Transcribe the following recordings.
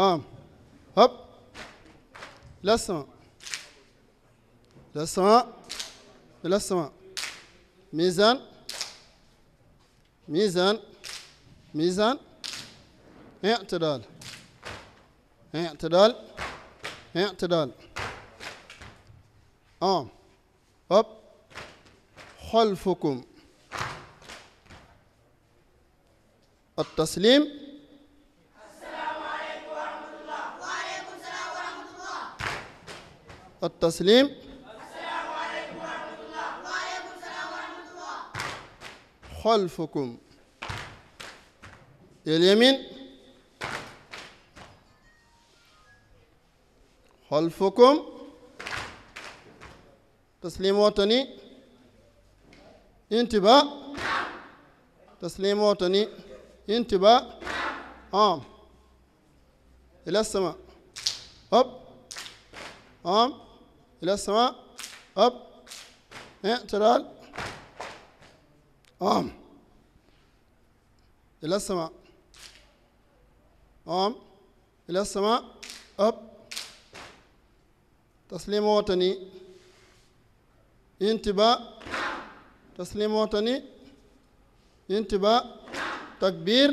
Hop. Um, hop. Lasma. Lasma. Lasma. Mizan. Mizan. Mizan. اعتدال اعتدال اعتدال آم هب خلفكم التسليم التسليم السلام عليكم ورحمة الله وعليكم السلام ورحمة الله خلفكم اليمين خلفكم تسليم وطني انتباه تسليم وطني انتباه عام إلى السماء هوب عام إلى السماء أب اعتدال قام إلى السماء قام إلى السماء أب تسليم وطني انتباه تسليم وطني انتباه تكبير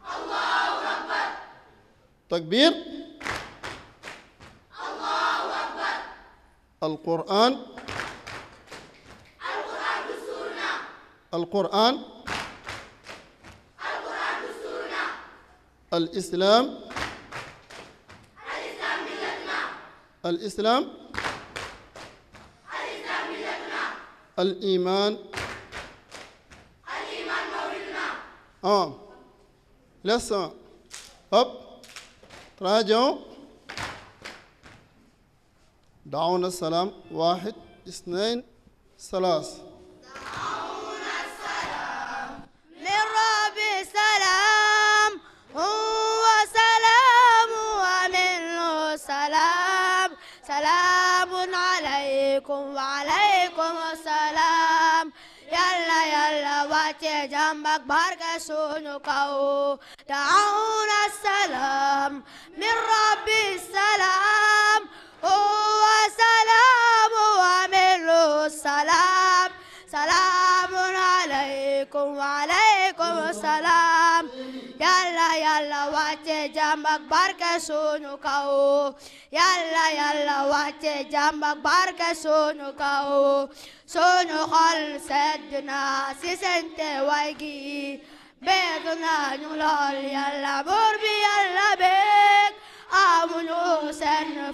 الله أكبر تكبير القرآن القرآن والسنة القرآن القرآن والسنة الإسلام الإسلام ملتنا الإسلام الإسلام ملتنا الإيمان الإيمان مولدنا آه لسه هب راجعوا دعونا السلام واحد اثنين ثلاث دعونا السلام من رب سلام هو سلام ومنه سلام سلام عليكم وعليكم السلام يلا يلا واتي جنبك بارك سونك دعونا السلام من رب السلام السلام سلام عليكم وعليكم السلام yàlla yàlla wàcce jàmm barke sunu kaw yàlla yàlla wàcce jàmm ak barke sunu kaw sunu xol na si sente way gi beeg nañu lool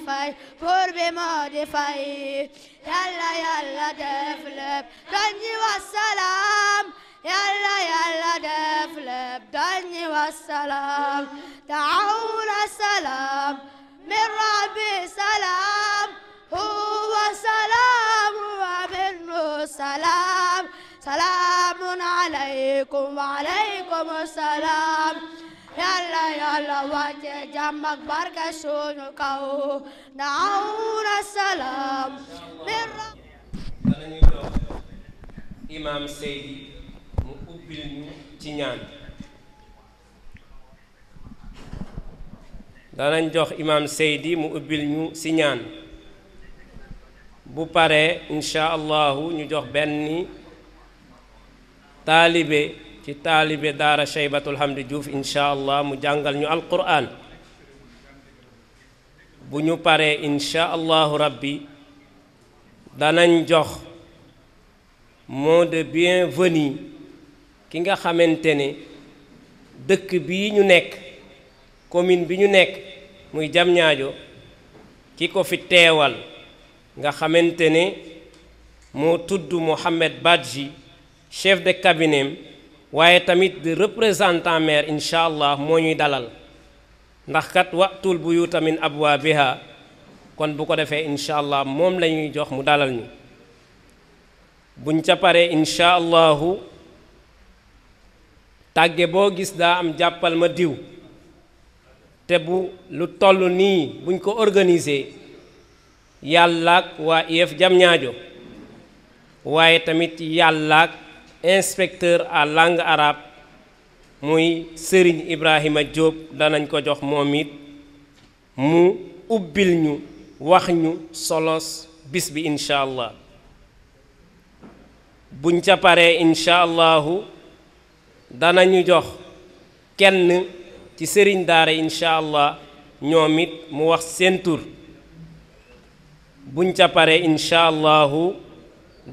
fay buur bi yàlla yàlla def lépp doy ñi wasalaam yàlla yàlla def lépp doy ñi wasalaam daawuna salaam min rabbi salaam huwa salaam wa minhu salaam salaamun alaykum wa alaykum salaam yàlla yàlla wàcce jàmm ak barke suñu kaw daawuna salaam min rabb danañu mu ubbil ñu ci ñaan danañ jox imaam Seydi mu ubbil ñu ci ñaan bu pare incha allahu ñu jox benn taalibe ci taalibe daara Cheybatul Hamdi Diouf incha mu jàngal ñu alquran bu ñu paree incha rabbi danañ jox mot de bien bienvenue ki nga xamante ne dëkk bii ñu nekk commune bi ñu nekk muy Diamniadio ki ko fi teewal nga xamante ne moo tudd Mohamed Badji chef de cabinet waaye tamit représentant maire incha allah moo ñuy dalal ndax kat waxtul bu yu tamit abwaabiha kon bu ko defee incha allah moom la ñuy jox mu dalal ñu buñ ca paree incha tàgge boo gis daa am jàppal ma diw te bu lu toll nii buñ ko organiser yàllaak waa IEF jam ñaajo waaye tamit yàllaak inspecteur à langue arabe muy sëriñ Ibrahima Diop danañ ko jox moom it mu ubbil ñu wax ñu solos bis bi incha allah buñ ca paree incha danañu jox kenn ci sëriñ daara incha ñoom it mu wax seen tur buñ ca paree incha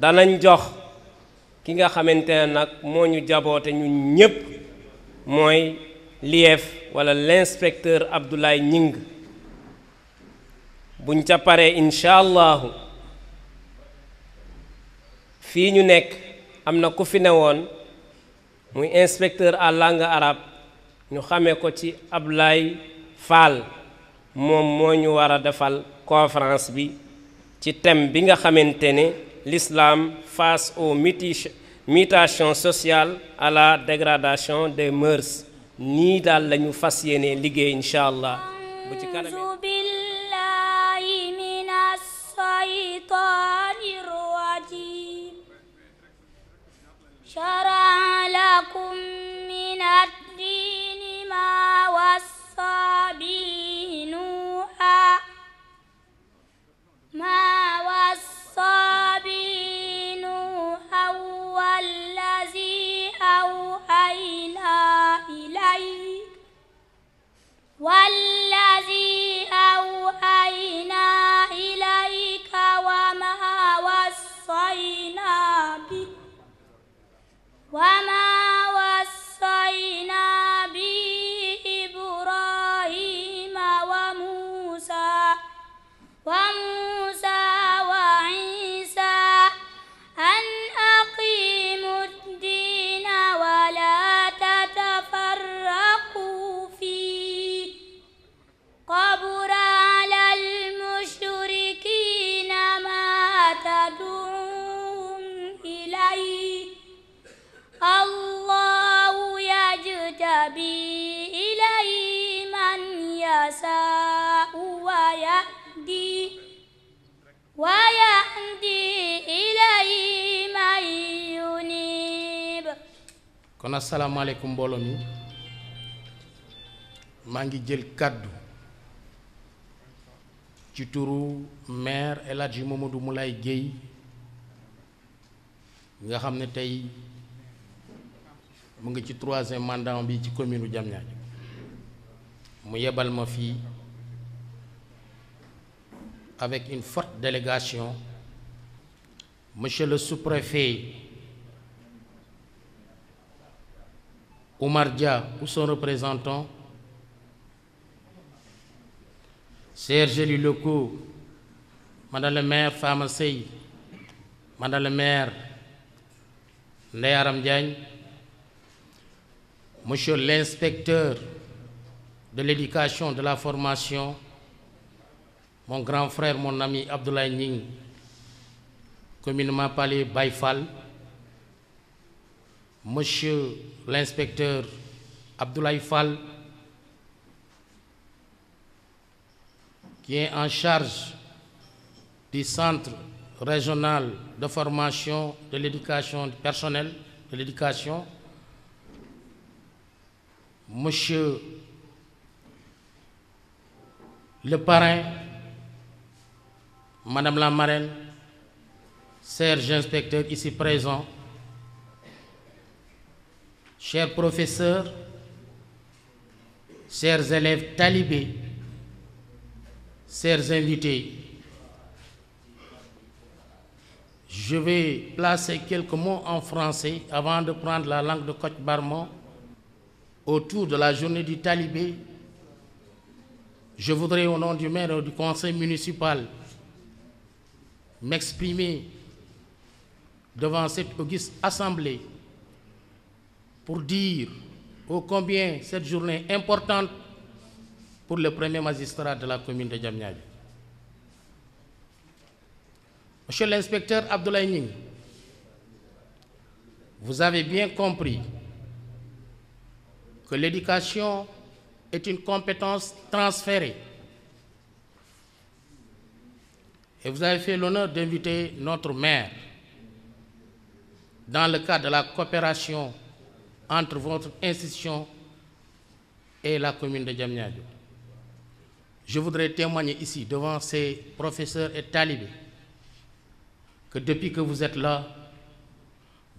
danañ jox ki nga xamante ne nag moo ñu jaboote ñu ñépp mooy l'IEF wala l'inspecteur Abdoulaye Gning buñ ca paree incha fii ñu nekk am na ku fi ne woon muy inspecteur à langue ñu xamee ko ci Ablaye Fall moom moo ñu war a defal conférence bi ci thème bi nga xamante ne l'islam face aux mutations sociales à la dégradation des mœurs nii daal lañu fas yéene liggéey incha allah bu ci kanam شرع لكم wal kon asalaamaaleykum mbooloo mi maa ngi jël kàddu ci turu maire El Hadji Mamadou Moulay Guèye nga xam ne tey mu ngi ci troisième mandat bi ci commune u mu yebal ma fii avec une forte délégation, Monsieur le sous-préfet Oumar ou son représentant, chers élus locaux, Madame le maire Fama Sey, Madame le maire Ndeye Aram Diagne, Monsieur l'inspecteur de l'éducation, de la formation, mon grand frère mon ami Abdoulaye Ning communément appelé Baye Fall monsieur l'inspecteur Abdoulaye Fall qui est en charge du centre régional de formation de l'éducation du personnel de l'éducation monsieur le parrain Madame la marraine, serge inspecteur ici présent, chers professeurs, chers élèves talibés, chers invités, je vais placer quelques mots en français avant de prendre la langue de Coach Barman autour de la journée du talibé. Je voudrais, au nom du maire du conseil municipal, m'exprimer devant cette auguste assemblée pour dire ô combien cette journée importante pour le premier magistrat de la commune de Diamniadio. Monsieur l'inspecteur Abdoulaye Ning, vous avez bien compris que l'éducation est une compétence transférée Et vous avez fait l'honneur d'inviter notre maire dans le cadre de la coopération entre votre institution et la commune de Diamniadio. Je voudrais témoigner ici devant ces professeurs et talibés que depuis que vous êtes là,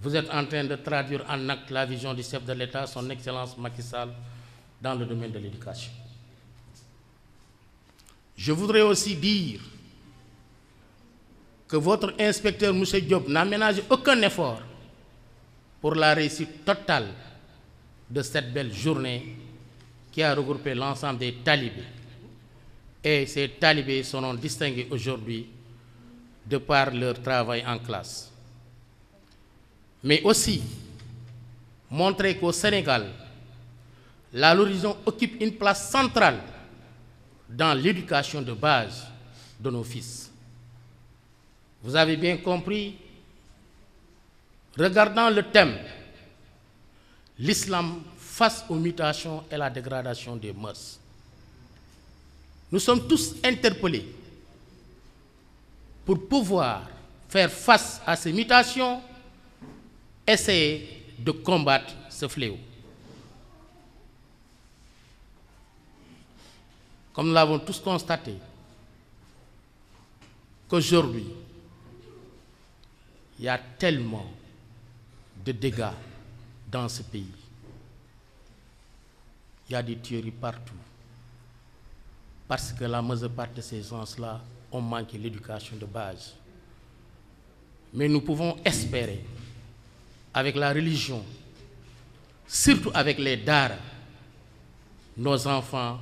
vous êtes en train de traduire en acte la vision du chef de l'État, son Excellence Macky Sall, dans le domaine de l'éducation. Je voudrais aussi dire que votre inspecteur monsieur Diop n'a ménagé aucun effort pour la réussite totale de cette belle journée qui a regroupé l'ensemble des talibés. Et ces talibés seront distingués aujourd'hui de par leur travail en classe. Mais aussi montrer qu'au Sénégal, la religion occupe une place centrale dans l'éducation de base de nos fils. Vous avez bien compris. Regardant le thème, l'islam face aux mutations et la dégradation des mœurs. Nous sommes tous interpellés pour pouvoir faire face à ces mutations, essayer de combattre ce fléau. Comme nous l'avons tous constaté, qu'aujourd'hui, Il y a tellement de dégâts dans ce pays. Il y a des tueries partout. Parce que la majeure partie de ces gens-là ont manqué l'éducation de base. Mais nous pouvons espérer, avec la religion, surtout avec les dars, nos enfants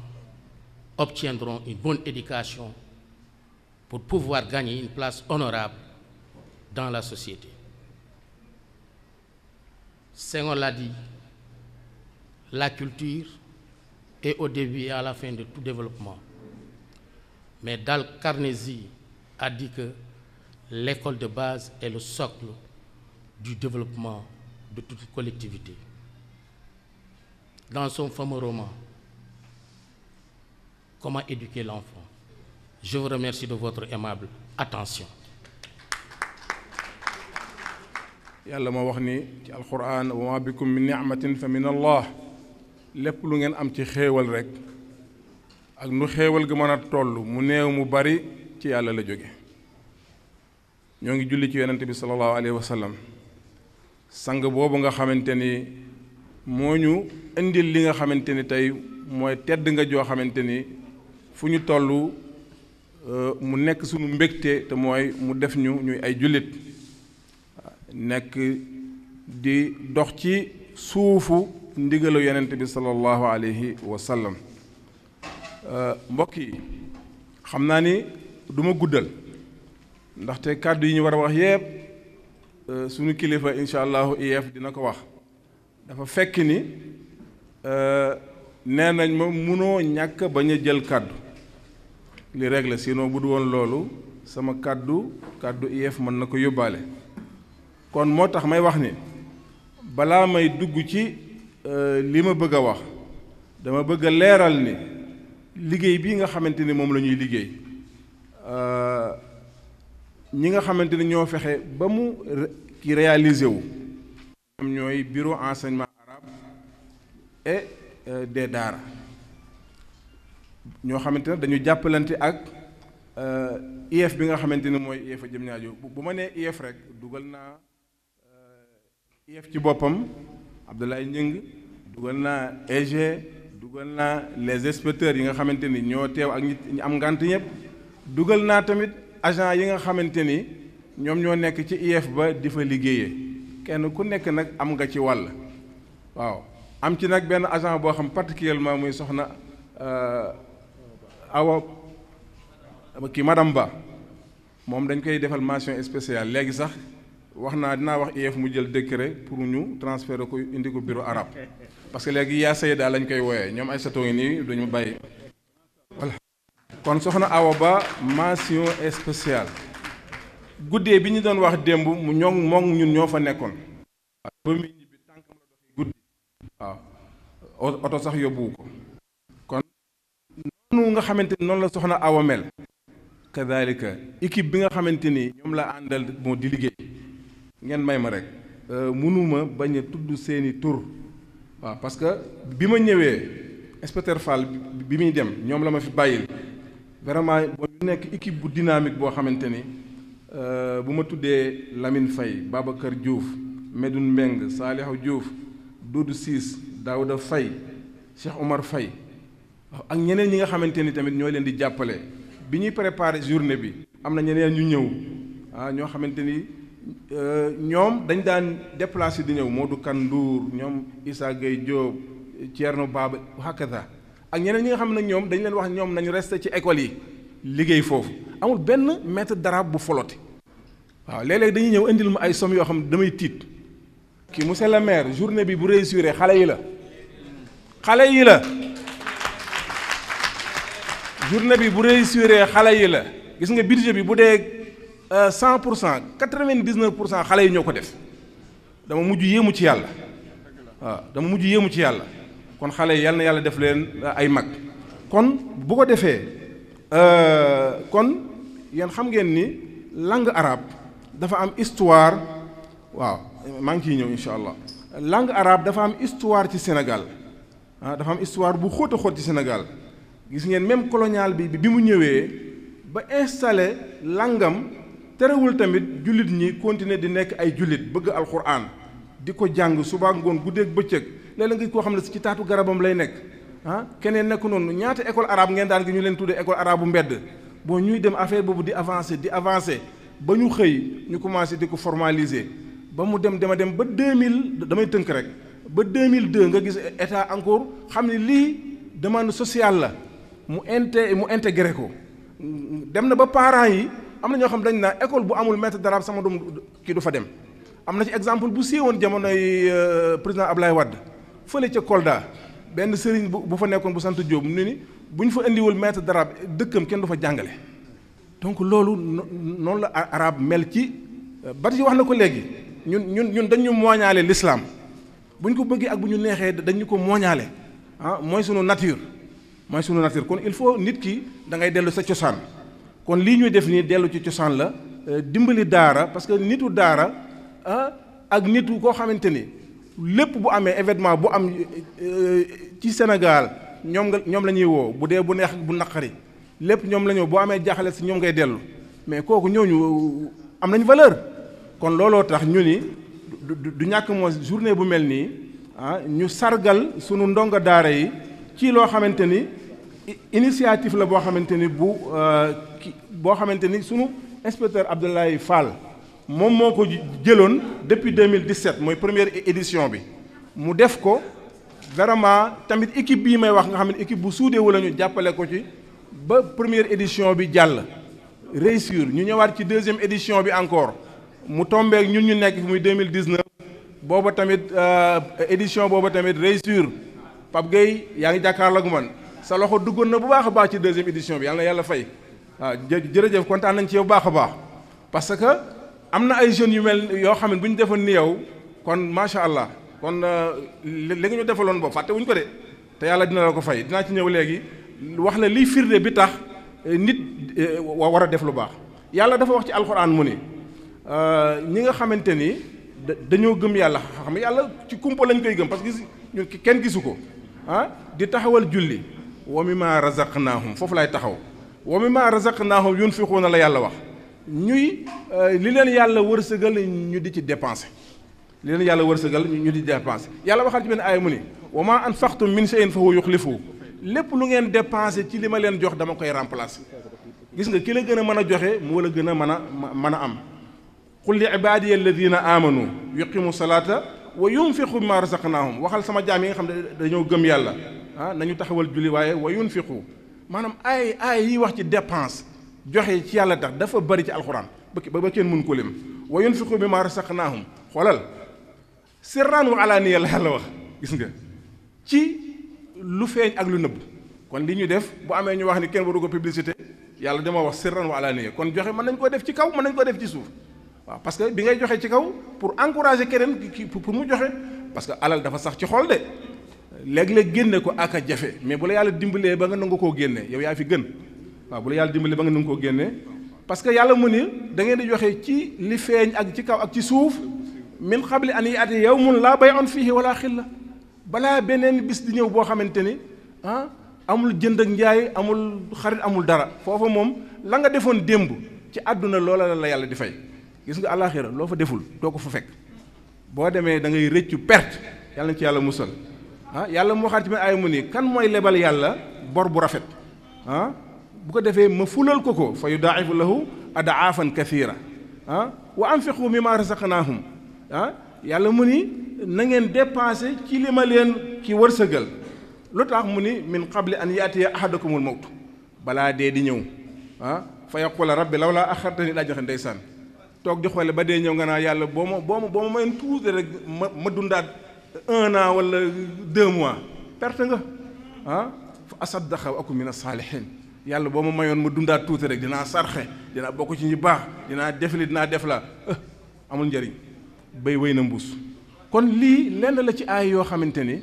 obtiendront une bonne éducation pour pouvoir gagner une place honorable dans la société Senghor l'a dit la culture est au début et à la fin de tout développement mais dal Carnegie a dit que l'école de base est le socle du développement de toute collectivité dans son fameux roman Comment éduquer l'enfant je vous remercie de votre aimable attention yàlla moo wax ni ci alquran wa ma bikum min fa min lépp lu ngeen am ci xéewal rek ak nu xéewal ga mën a tollu mu néew mu bari ci yàlla la jóge ñoo ngi julli ci yonente bi sallallahu alayhi wa sallam sang boobu nga xamante ni moo ñu indi li nga xamante ni tey mooy tedd nga joo xamante ni fu ñu tollu euh, mu nekk suñu mbégte te mooy mu def ñu ñuy ay jullit nekk di dox ci suufu ndigalu yonent bi sallallahu alayhi wa sallam euh, mbokk yi xam naa ni duma ma guddal ndaxte kàddu yi ñu war a wax yépp euh, suñu kilifa incha allahu IEF dina ko wax dafa fekk ni euh, nee nañ ma mënoo ñàkk ba a jël kàddu li règle sinon bu du woon loolu sama kàddu kàddu IEF mën na ko yóbbaale kon moo tax may wax ni balaa may dugg ci euh, li ma bëgg a wax dama bëgg leeral ni liggéey bi nga xamante ni moom la ñuy liggéey euh, ñi nga xamante ni ñoo fexe ba mu ki réalisé wu am ñooy bureau enseignement arabe et euh, des daara ñoo xamante ne dañu jàppalante ak IEF bi nga xamante ni mooy IEF a jëm ñaajo bu ma nee IEF rek dugal naa IEF ci boppam Abdoulaye Njëng dugal naa EG dugal naa les inspecteurs yi nga xamante ni ñoo teew ak ñi am ngànt ñëpp dugal naa tamit agent yi nga xamante ni ñoom ñoo nekk ci IEF ba di fa liggéeyee kenn ku nekk nag am nga ci wàll waaw am ci nag benn agent boo xam particulièrement muy soxna euh, awa ki madame Ba moom dañ koy defal mention spéciale léegi sax wax naa dinaa wax IEF mu jël décret pour ñu transférer ko indi ko bureau arabe parce que léegi yaa daal lañ koy wooyee ñoom ay satoo ngi nii dañu bàyyi voilà kon soxna awo Ba mention spéciale guddee bi ñu doon wax démb mu ñoom moom ñun ñoo fa nekkoon ba muy ñibbi tànkam la doxee guddi waaw oto sax yóbbuwu ko kon noonu nga xamante noonu la soxna Awa mel kadalika équipe bi nga xamante ni ñoom la àndal moo di liggéey ngeen may ma rek euh, mënuma bañ a tudd seeni tur waaw parce que bi ma ñëwee inspecteur Fall bi muy dem ñoom la ma fi bàyyil vraiment boo ñu nekk équipe bu dynamique boo xamante ni euh, bu ma tuddee Lamine Faye Babacar Diouf Medoune Mbeng Saalixu Diouf Doudou Ciss Daouda Faye Cheikh Omar Faye ak ñeneen ñi nga xamante ni tamit ñoo leen di jàppale bi ñuy préparer journée bi am na ñeneen ñu ñëw ah ñoo xamante ni Euh, ñoom dañ daan déplacé di ñëw moo du Modou Kandour ñoom Issa Gueye Diop Thierno Baba hakata ak ñeneen ñi nga xam na ñoom dañ leen wax ñoom nañu reste ci école yi liggéey foofu amul benn maître dara bu folote waaw léeg-léeg dañuy ñëw indil ma ay somme yoo xam ne damay tiit ki monsieur le maire journée bi bu réussir xale yi la xale yi la journée bi bu réussir xale yi la gis nga budget bi bu dee Euh, cent pour cent quatre-vingt-dix-neuf pour cent xale yi ñoo ko def dama mujj yéemu ci yàlla waaw dama mujj yéemu ci yàlla kon xale yi yal na yàlla def leen ay mag kon bu ko defee euh, kon yéen xam ngeen ni langue arabe dafa am histoire waaw maa ngi ciy ñëw incha allah langue arabe dafa am histoire ci Sénégal ah dafa am histoire bu xóot a xóot ci senegal gis ngeen même colonial bi bi mu ñëwee ba installé langam. terewul tamit jullit ñi continuer di nekk ay jullit bëgg alxuraan di ko jàng suba ngoon guddeeg bëccëg léeg-léeg nga koo xam ne ci taatu garabam lay nekk ah keneen nekk noonu ñaata école arabe ngeen daan gi ñu leen tuddee école arabe bu mbedd bon ñuy dem affaire boobu di avancer di avancer ba ñu xëy ñu commencé di ko formaliser ba mu dem dama dem ba deux mille damay tënk rek ba deux mille deux nga gis état encore xam ne lii demande sociale la mu inté mu intégré ko dem na ba parents yi. am na ñoo xam dañ naa école bu amul maître d'arabe sama doom kii du fa dem am na ci exemple bu siiwoon jamonoy euh, président Ablaye Wade fële ca Kolda benn sëriñ bu bu fa nekkoon bu sant Diop ni ni bu ñu fa indiwul maître d'arabe dëkkam kenn du fa jàngale donc loolu noonu la arabe mel ci euh, bat yi wax na ko léegi ñun ñun ñun dañu mooñaale lislaam bu ñu ko bëggee ak bu ñu neexee dañu ko mooñaale ah mooy sunu nature mooy sunu nature kon il faut nit ki dangay ngay dellu sa cosaan kon lii ñuy def nii dellu ci cosaan la euh, dimbali daara parce que nitu daara ah, ak nitu koo xamante ni lépp bu amee événement bu am euh, ci Sénégal ñoom nga ñoom la ñuy woo bu dee bu neex bu naqari lépp ñoom la ñëw boo amee jaxale si ñoom ngay dellu mais kooku ñooñu am nañ valeur kon looloo tax ñu ni du ñàkk moo journée bu mel nii ah ñu sargal sunu ndongo daara yi ci loo xamante ni. initiative la boo xamante ni bu euh, ki boo xamante ni sunu inspecteur Abdoulaye Fall moom moo ko jëloon depuis 2017 mooy première édition bi mu def ko vraiment tamit équipe bii may wax nga xam ne équipe bu suudee wala ñu jàppale ko ci ba première édition bi jàll réussir ñu ñëwaat ci deuxième édition bi encore mu tombeek ñun ñu nekk muy mille 2019 booba tamit euh, édition booba tamit réussir Pape Gueye yaa ngi jàkkaarloo ak sa loxo duggoon na bu baax a baax ci deuxième édition bi yàlla na yàlla fay waaw jërëjëf kontaan nañ ci yow baax a baax parce que am na ay jeunes yu mel yoo xam ne bu ñu defoon ni yow kon macha allah kon euh, li nga ñu defaloon boobu fàtte wuñ ko de te yàlla dina la ko fay dinaa ci ñëw léegi wax la lii firde bi tax euh, nit euh, war a def lu baax yàlla dafa wax ci alxuraan mu ni ñi nga xamante ni dañoo gëm yàlla xam yàlla ci kumpa lañ koy gëm parce que gis ñu kenn gisu ko ah di taxawal julli. wa mimmaa razaqnaahum foofu laay taxaw wa mimmaa razaqnaahum yunfiquuna la yàlla wax ñuy euh, li leen yàlla wërsëgal ñu di ci dépensé li leen yàlla wërsëgal ñu di dépensé yàlla waxal ci benn ay mu ni wa maa anfaqtum min shay'in fa huwa yukhlifuhu lépp lu ngeen dépensé ci li ma leen jox dama koy remplacé gis nga ki la gën a mën a joxe moo la gën a mën a mën a am qul li ibaadiya alladina amanu yuqimu salaata wa yunfiqu bi ma razaqnaahum waxal sama jaam yi nga xam ne dañoo gëm yàlla ah nañu taxawal julli waaye wa yunfiqu maanaam ay ay yi wax ci dépense joxe ci yàlla tax dafa bari ci alxuraan ba ba kenn mun ko lim wa yunfiqu bi ma razaqnaahum xoolal sirran wa alaaniya la wax gis nga ci lu feeñ ak lu nëbb kon li ñu def bu amee ñu wax ni kenn waru ko publicité yàlla dama wax sirran wa alaaniya kon joxe mën nañ koo def ci kaw mën nañ koo def ci suuf waaw parce que bi ngay joxee ci kaw pour encourager keneen pour mu joxe parce que alal dafa sax ci xool de léeg-léeg génne ko ak a jafe mais bu la yàlla dimbalee ba nga nangu koo génne yow yaa fi gën waaw yàlla dimbalee ba nga nangu koo génne parce que yàlla mu ni dangeen ngeen di joxe ci li feeñ ak ci kaw ak ci suuf min xabli an yaati mun laa bay bay'un fiihi wala xilla balaa beneen bis di ñëw boo xamante ni ah amul jënd ak njaay amul xarit amul dara foofa moom la nga defoon démb ci àdduna loola la la yàlla di fay gis nga àllaaxira loo fa deful doo ko fu fekk boo demee da ngay rëccu perte yàlla na ci yàlla musal ah yàlla mu waxaat ci benn ay mu ni kan mooy lebal yàlla bor bu rafet ah bu ko defee ma fulal ko ko fa yudaa'ifu lahu adaafan kathiira ah wa anfiqu mimma razaqnaahum ah yàlla mu ni na ngeen dépensé ci li ma leen ci wërsëgal lu tax mu ni min xabli an yaatiya ahadakumul mawtu balaa dee di ñëw ah fa rab rabbi law laa axartani ilaa ajalin ndeysaan toog di xoole ba dee ñëw nga naa yàlla boo ma boo ma boo ma mayoon tuuti rek ma ma dundaat un an walla deux mois perte nga ah fa asaddaqa wa akun mina yàlla boo ma mayoon ma dundaat tuuti rek dinaa sarxe dinaa bokk ci ñi baax dinaa def li dinaa def la eh, amul njëriñ bay wéy na mbuus kon lii lenn la ci aay yoo xamante ni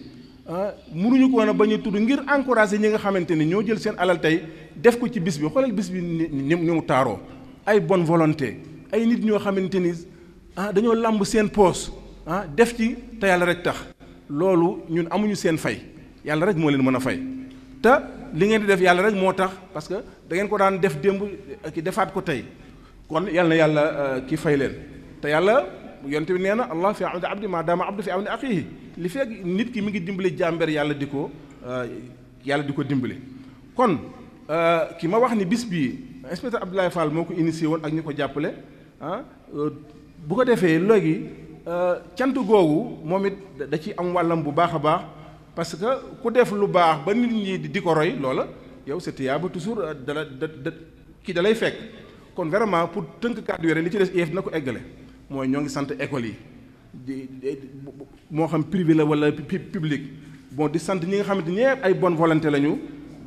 ah, munuñu ko woon ba bañ tudd ngir encouragé ñi nga xamante ni ñoo jël seen alal tey def ko ci bis bi xoolal bis bi ni mu taaroo ay bonne volonté ay nit ñoo xamante ni ah dañoo làmb seen poos ah def ci te yàlla rek tax loolu ñun amuñu seen fay yàlla rek moo leen mën a fay te li ngeen di def yàlla rek moo tax parce que da ngeen ko daan def démb ki defaat ko tey kon yàlla na yàlla euh, ki fay leen te yàlla yonte bi nee na allah fi awni abdi maa daama abdu fi awni axiihi li fekk nit ki mi ngi dimbali jàmbeer yàlla di ko euh, yàlla di ko dimbali kon euh, ki ma wax ni bis bii inspecteur Abdoulaye Fall moo ko initié woon ak ñu ko jàppale ah bu ko defee léegi euh, cant googu moom it da ci am wàllam bu baax a baax parce que ku def lu baax ba nit ñi di ko roy loola yow sa tiyaaba toujours euh, dala da da kii dalay fekk kon vraiment pour tënk kàddu yore li ci des IEF na ko eggale mooy ñoo ngi sant école yi moo xam privé la wala public bon di sant ñi nga xamante ñëpp ay bonne volonté lañu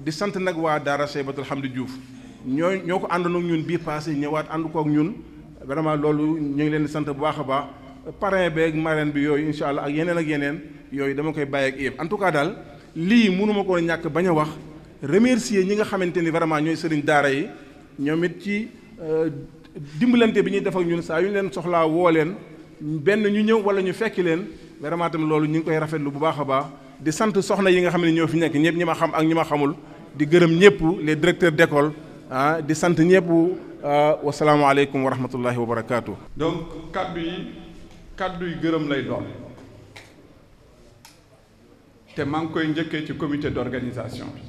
di sant nag waa Daara xam Hamdi Diouf ñoo ñoo ko ànd ak ñun bii passé ñëwaat ànd ak ñun. vraiment loolu ñu ngi leen di sant bu baax a baax parrain beeg marraine bi yooyu incha allah ak yeneen ak yeneen yooyu dama koy bàyyi ak yéen en tout cas daal lii mënu koo ñàkk bañ a wax remercier ñi nga xamante ni vraiment ñooy sëriñ daara yi ñoom it ci euh, dimbalante bi ñuy def ak ñun saa yu leen soxlaa woo leen benn ñu ñëw wala ñu fekki leen vraiment tamit loolu ñu ngi koy rafetlu bu baax a baax di sant soxna yi nga xam ne ñoo fi nekk ñëpp ñi ma xam ak ñi ma xamul di gërëm ñëpp les directeurs d'école ah di sant ñëpp. Euh, wasalaamaaleykum wa rahmatullahi wa barakaatu. donc kaddu yi kaddu yi gërëm lay doon te maa ngi koy njëkkee ci comité d'organisation bi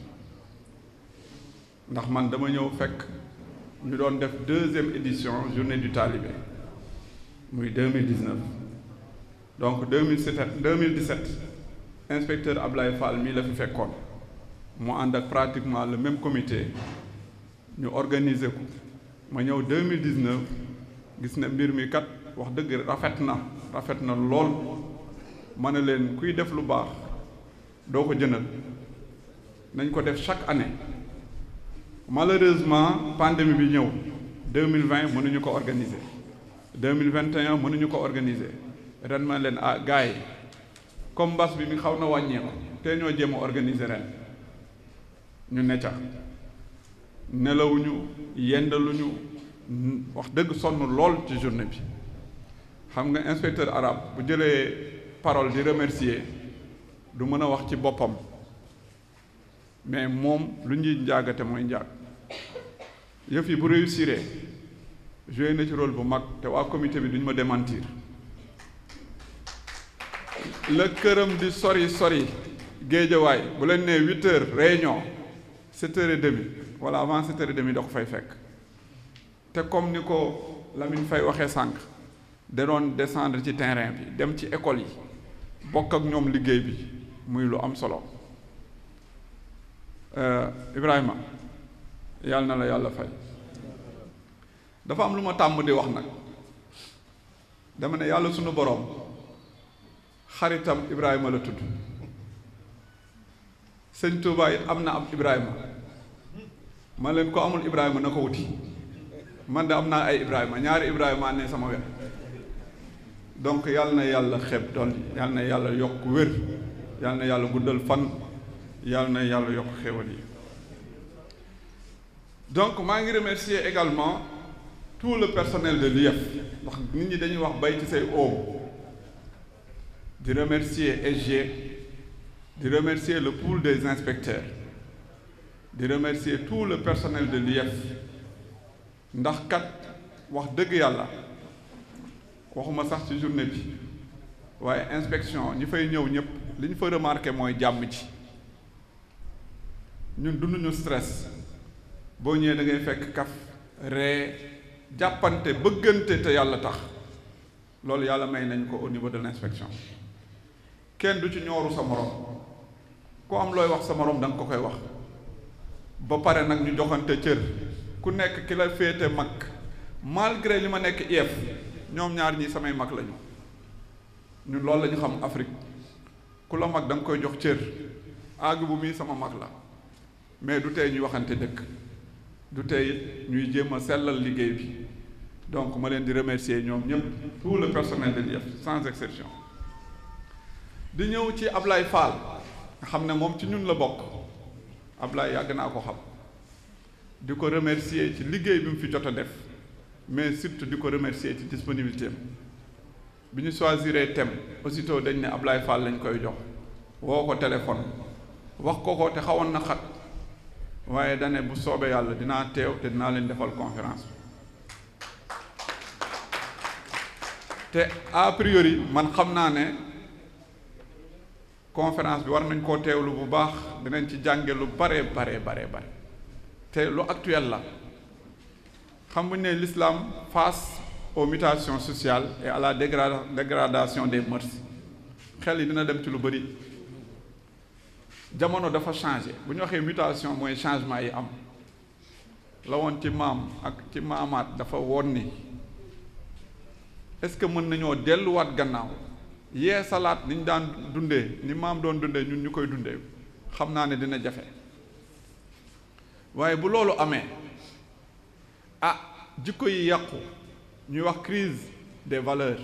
ndax man dama ñëw fekk ñu doon def deuxième édition journée du talibé muy deux mille dix-neuf donc deux mille sept deux mille dix-sept inspecteur Ablaye Fall mii la fi fekkoon mu ànd ak pratiquement la même comité ñu organiser ko. ma ñëw 2019 gis ne mbir mi kat wax dëgg rafet na rafet na lool ma ne leen kuy def lu baax doo ko jëndal nañ ko def chaque année malheureusement pandémie bi ñëw 2020 mënuñu ko organiser 2021 mënuñu ko organiser ren ma leen ah gars yi comme mbas bi muy xaw na wàññeeku te ñoo jéem a organiser ren ñu ne ca nelawuñu yendaluñu wax dëgg sonn lool ci journée bi xam nga inspecteur arabe bu jëlee parole di remercier du mën a wax ci boppam mais moom lu ñuy njaagate mooy njaag yëf yi bu réussiree joué na bu mag te waa comité bi duñ ma démentir la këram di sori sori géejawaay bu leen nee huit heures réunion sept heures wala avant sept heures et da ko fay fekk te comme ni ko Lamine fay waxee sànq da doon ci terrain bi dem ci école yi bokk ak ñoom liggéey bi muy lu am solo euh, Ibrahima yàlla na la yàlla fay dafa am lu ma tàmm di wax nag dama ne yàlla sunu boroom xaritam Ibrahima la tudd seen Touba am na am Ibrahima man leen ko amul Ibrahima na ko wuti man de am naa ay Ibrahima ñaari Ibrahima ne sama wet donc yàlla na yàlla xeeb tool yal na yàlla yokk wér yal na yàlla guddal fan yal na yàlla yokk xéwal yi donc maa ngi remercier également tout le personnel de l'IEF ndax nit ñi dañuy wax bay ci say oom di remercier SG di remercier le pour des inspecteurs di remercier tout le personnel de l'UF ndax kat wax dëgg yàlla waxuma sax ci journée bi waaye inspection ñi fay ñëw ñëpp li ñu fa remarqué mooy jàmm ci ñun dunduñu stress boo ñëwee da ngay fekk kaf ree jàppante bëggante te yàlla tax loolu yàlla may nañ ko au niveau de l'inspection kenn du ci ñooru sa morom ku am looy wax sa morom da nga ko koy wax ba pare nag ñu joxante cër ku nekk ki la féete mag malgré li ma nekk IEF ñoom ñaar ñi samay mag lañu ñun loolu lañu xam Afrique ku la mag da nga koy jox cër àgg bu muy sama mag la mais du tey ñu waxante dëkk du tey ñuy jéem a sellal liggéey bi donc ma leen di remercier ñoom ñëpp tout le personnel de l'IEF sans exception di ñëw ci Ablaye Fall nga xam ne moom ci ñun la bokk Ablaye yàgg naa ko xam di ko remercier ci liggéey bi mu fi jot a def mais surtout di ko remercier ci disponibilité am bi ñu choisiree thème aussitôt dañ ne Ablaye Fall lañ koy jox woo ko téléphone wax ko ko te xawoon na xat waaye dane bu soobee yàlla dinaa teew te dinaa leen defal conférence te a priori man xam naa ne conférence bi war nañ koo teewlu bu baax dinañ ci jànge lu bare bare bare bare te lu actuel la xam nga ne lislaam face au mutations sociale et à la degradation des mœurs xel yi dina dem ci lu bëri jamono dafa changé bu ñu waxee mutation mooy changement yi am la woon ci maam ak ci maamaat dafa woon ni est-ce que mën nañoo delluwaat gannaaw yee salaat ni ñu daan dundee ni maam doon dundee ñun ñu koy dundee xam naa ne dina jafe waaye bu loolu amee a ah, jikko yi yàqu ñuy wax crise des valeur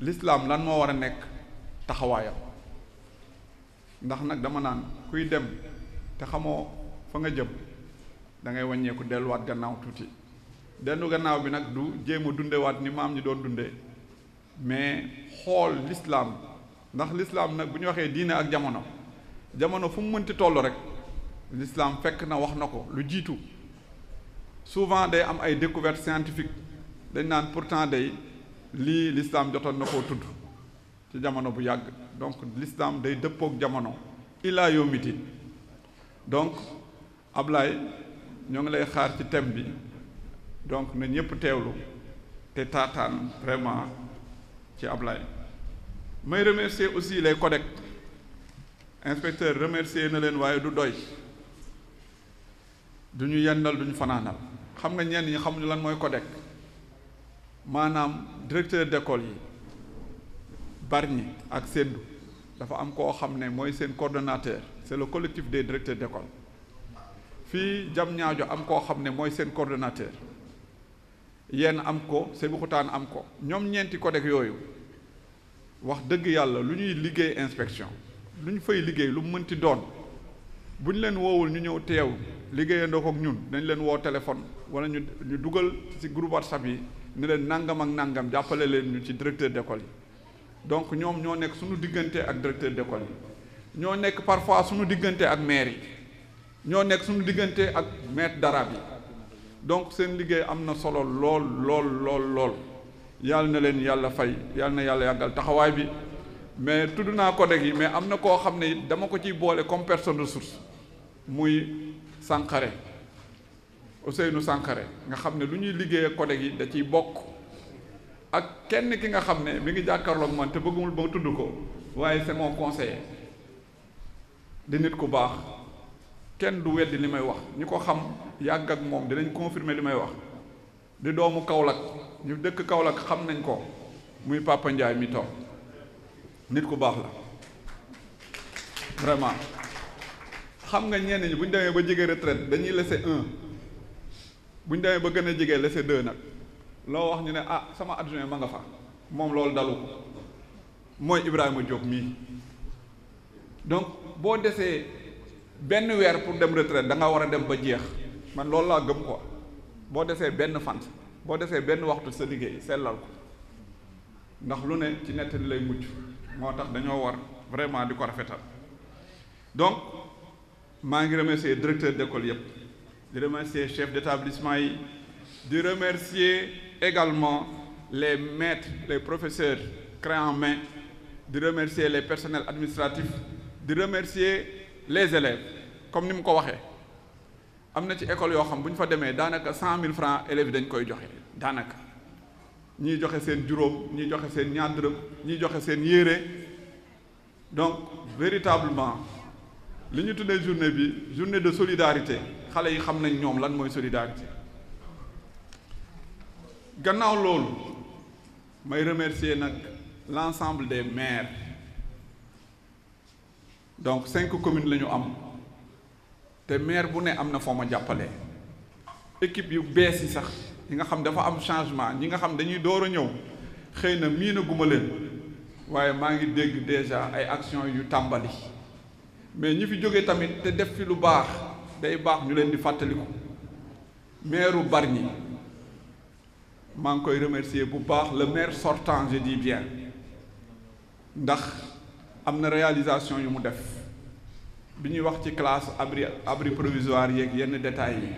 lislaam lan moo war a nekk taxawaayam ndax nag dama naan kuy dem te xamoo fa nga jëm dangay wàññeeku delluwaat gannaaw tuuti dellu gannaaw bi nag du jéema dundewaat ni maam ñi doon dundee mais xool lislaam ndax l'islam nag bu ñu waxee diine ak jamono jamono fu mu mënti toll rek l'islam fekk na wax na ko lu jiitu souvent day am ay découverte scientifique dañ naan pourtant day lii l'islam jotoon na koo tudd ci jamono bu yàgg donc l'islam day dëppook jamono illaa yomiti donc Ablaye ñoo ngi lay xaar ci thème bi donc na ñëpp teewlu te taataan vraiment ci Ablaye may remercier aussi les CODEC inspecteur remercier na leen waaye du doy duñu yendal du ñu fanaanal xam nga ñenn ñi xamuñu lan mooy CODEC maanaam directeur d'école yi Bargny ak Sendou dafa am koo xam ne mooy seen coordonnateur c'est le collectif des directeurs d'école fii jam Diamniadio am koo xam ne mooy seen coordonateur yenn am ko Sébikotane am ko ñoom ñeenti codec yooyu wax dëgg yàlla lu ñuy liggéey inspection lu ñu fay liggéey lu mu mënti doon bu ñu leen woowul ñu ñëw teew liggéeyandoo ko ak ñun dañ leen woo téléphone wala ñu ñu dugal ci groupe whatsapp yi ne leen nangam ak nangam jàppale leen ñu ci directeur d'école yi donc ñoom ñoo nekk suñu diggante ak directeur d'école yi ñoo nekk parfois suñu diggante ak maire yi ñoo nekk suñu diggante ak maître d'arabe yi donc seen liggéey am na solo lool lool lool lool yàlla na leen yàlla fay yàlla na yàlla yàggal taxawaay bi mais tudd naa ko yi mais am na koo xam ne dama ko ciy boole comme personne ressource muy Sankharé Ousseynou sànqare nga xam ne lu ñuy liggéeyee codec yi da ciy bokk ak kenn ki nga xam ne mi ngi jàkkaarloog man te bëggumul ba tudd ko waaye c'est mon conseiller di nit ku baax kenn du weddi li may wax ñi ko xam yàgg ak moom dinañ confirmer li may wax di doomu Kaolack ñu dëkk Kaolack xam nañ ko muy Papa Ndiaye mi toog nit ku baax la vraiment xam nga ñenn ñi buñ ñu ba jege retraite dañuy laisser buñ bu demee ba gën a jege laisser deux nag loo wax ñu ne ah sama adjoint ma nga fa moom loolu dalu mooy Ibrahima Diop mii donc boo desee benn weer pour dem retraite da nga war a dem ba jeex man loolu laa gëm ko boo defee benn fan boo defee benn waxtu sa liggéey sellal ko ndax lu ne ci nettali lay mujj moo tax dañoo war vraiment di ko rafetal donc maa ngi remercier directeur d'école yëpp di remercier chef d'établissement yi di remercier également les maîtres les professeurs crayon en di remercier les personnels administratifs di remercier les élèves comme ni mu ko waxee am na ci école yoo xam bu ñu fa demee daanaka cent mille francs élèves dañ koy joxe daanaka ñuy joxe seen juróom ñuy joxe seen ñaar dërëm ñiy joxe seen yére donc véritablement li ñu tuddee journée bi journée de solidarité xale yi xam nañ ñoom lan mooy solidarité gannaaw loolu may remercier nag l'ensemble des maire donc cinq communes la ñu am te maire bu ne am na foo ma jàppale équipe yu bees yi sax yi nga xam dafa am changement ñi nga xam dañuy door a ñëw xëy na miina guma leen waaye maa ngi dégg déjà ay action yu tàmbali mais ñi fi jógee tamit te def fi lu baax day baax ñu leen di fàttaliku maire u Bargny maa ngi koy remercier bu baax la maire sortant je dis bien ndax am na réalisation yu mu def bi ñuy wax ci classe abri abri provisoire yeeg yenn détails yi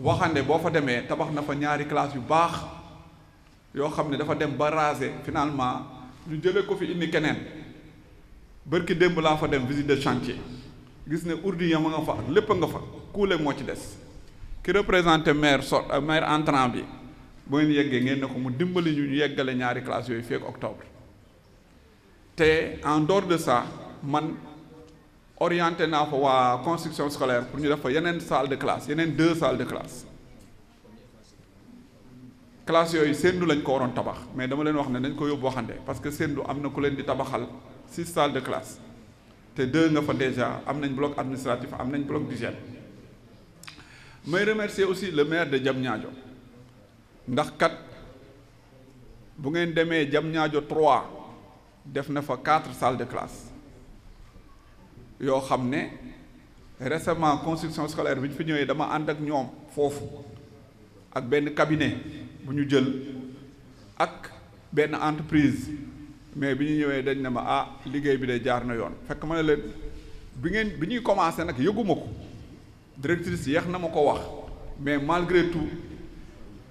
waxande boo fa demee tabax na fa ñaari classe yu baax yoo xam ne dafa dem ba raser finalement ñu jëlee ko fi indi keneen bërki démb laa fa dem visite de chantier gis ne urdu ya ma nga fa lépp nga fa kuule moo ci des ki représenté maire so euh, maire entrant bi bu ngeen yeggee ngeen ne ko mu dimbali ñu ñu yeggale ñaari classe yooyu feek octobre te en dehors de sa man orienté naa fa waa construction scolaire pour ñu def fa yeneen salle de classe yeneen deux salles de classe classe yooyu Sendou lañ ko waroon tabax mais dama leen wax ne nañ ko yóbbu waxande parce que Sendou am na ku leen di tabaxal six salles de classe te deux nga fa déjà am nañ bloc administratif am nañ bloc d'hygiène may remercier aussi le maire de Diamniadio ndax kat bu ngeen demee ñaajo 3 def na fa quatre salle de classe yoo xam ne récemment construction scolaire bi ñu fi ñëwee dama ànd ak ñoom foofu ak benn cabinet bu ñu jël ak benn entreprise mais bi ñu ñëwee dañ ne ma ah liggéey bi de jaar na yoon fekk ma ne leen bi ngeen bi ñuy commencé nag yëguma ko directrice yeex na ma ko wax mais malgré tout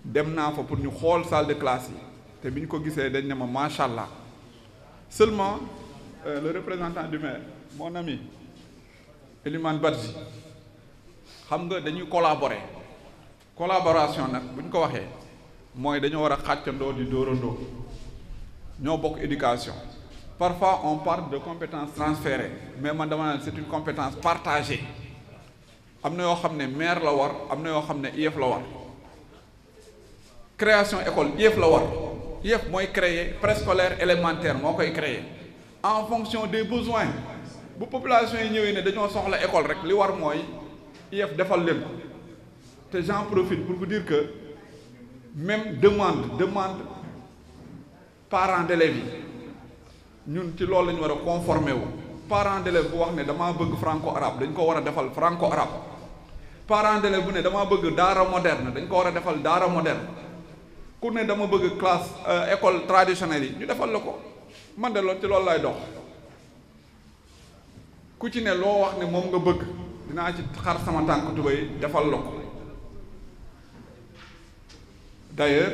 dem naa fa pour ñu xool salle de classe yi te bi ñu ko gisee dañ ne ma macha allah. Seulement, euh, le représentant du maire, mon ami, Eliman Badji, xam nga dañuy collaborer collaboration nag bu ñu ko waxee mooy dañoo war a xàccandoo di dóorandoo ñoo bokk éducation parfois on parle de compétence transférées mais man dama naan c'est une compétence partagée am na yoo xam ne maire la war am na yoo xam ne IEF la war création école IEF la war yëpp mooy créer préscolaire élémentaire moo koy créer en fonction des besoins bu population yi ñëwee ne dañoo soxla école rek li war mooy IEF defal leen te j'en profite pour bu dire que même demande demande parents d'élèves ñun ci loolu la ñu war a conformer wu parent d'élève bu wax ne damaa bëgg franco arabe dañ ko war a defal franco arabe parent d'élève bu ne damaa bëgg daara moderne dañ ko war a defal daara moderne ku ne dama bëgg classe euh, école traditionnelle yi ñu defal la ko man de loolu ci loolu lay dox ku ci ne loo wax ne moom nga bëgg dinaa ci xar sama tànk tubéy defal la ko d'ailleurs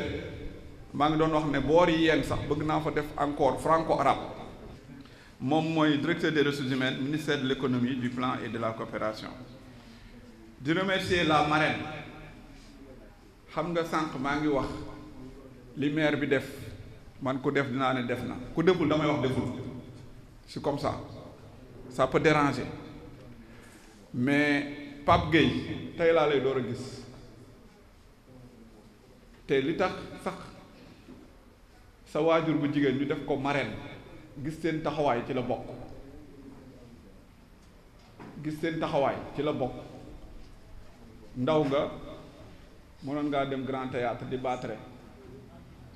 maa ngi doon wax ne boor yi yéen sax bëgg naa fa def encore franco-arabe moom mooy directeur des ressources humaines ministère de l'économie du plan et de la coopération di remercier la marraine xam nga sànq maa ngi wax li bi def man ku def naa ne def na ku deful damay wax deful si comme ça ça peut déranger mais Pape Gueye tey laa lay door a gis te li tax sax sa waajur bu jigéen ñu def ko marraine gis seen taxawaay ci la bokk gis seen taxawaay ci la bokk ndaw nga mënoon ngaa dem grand théâtre di battre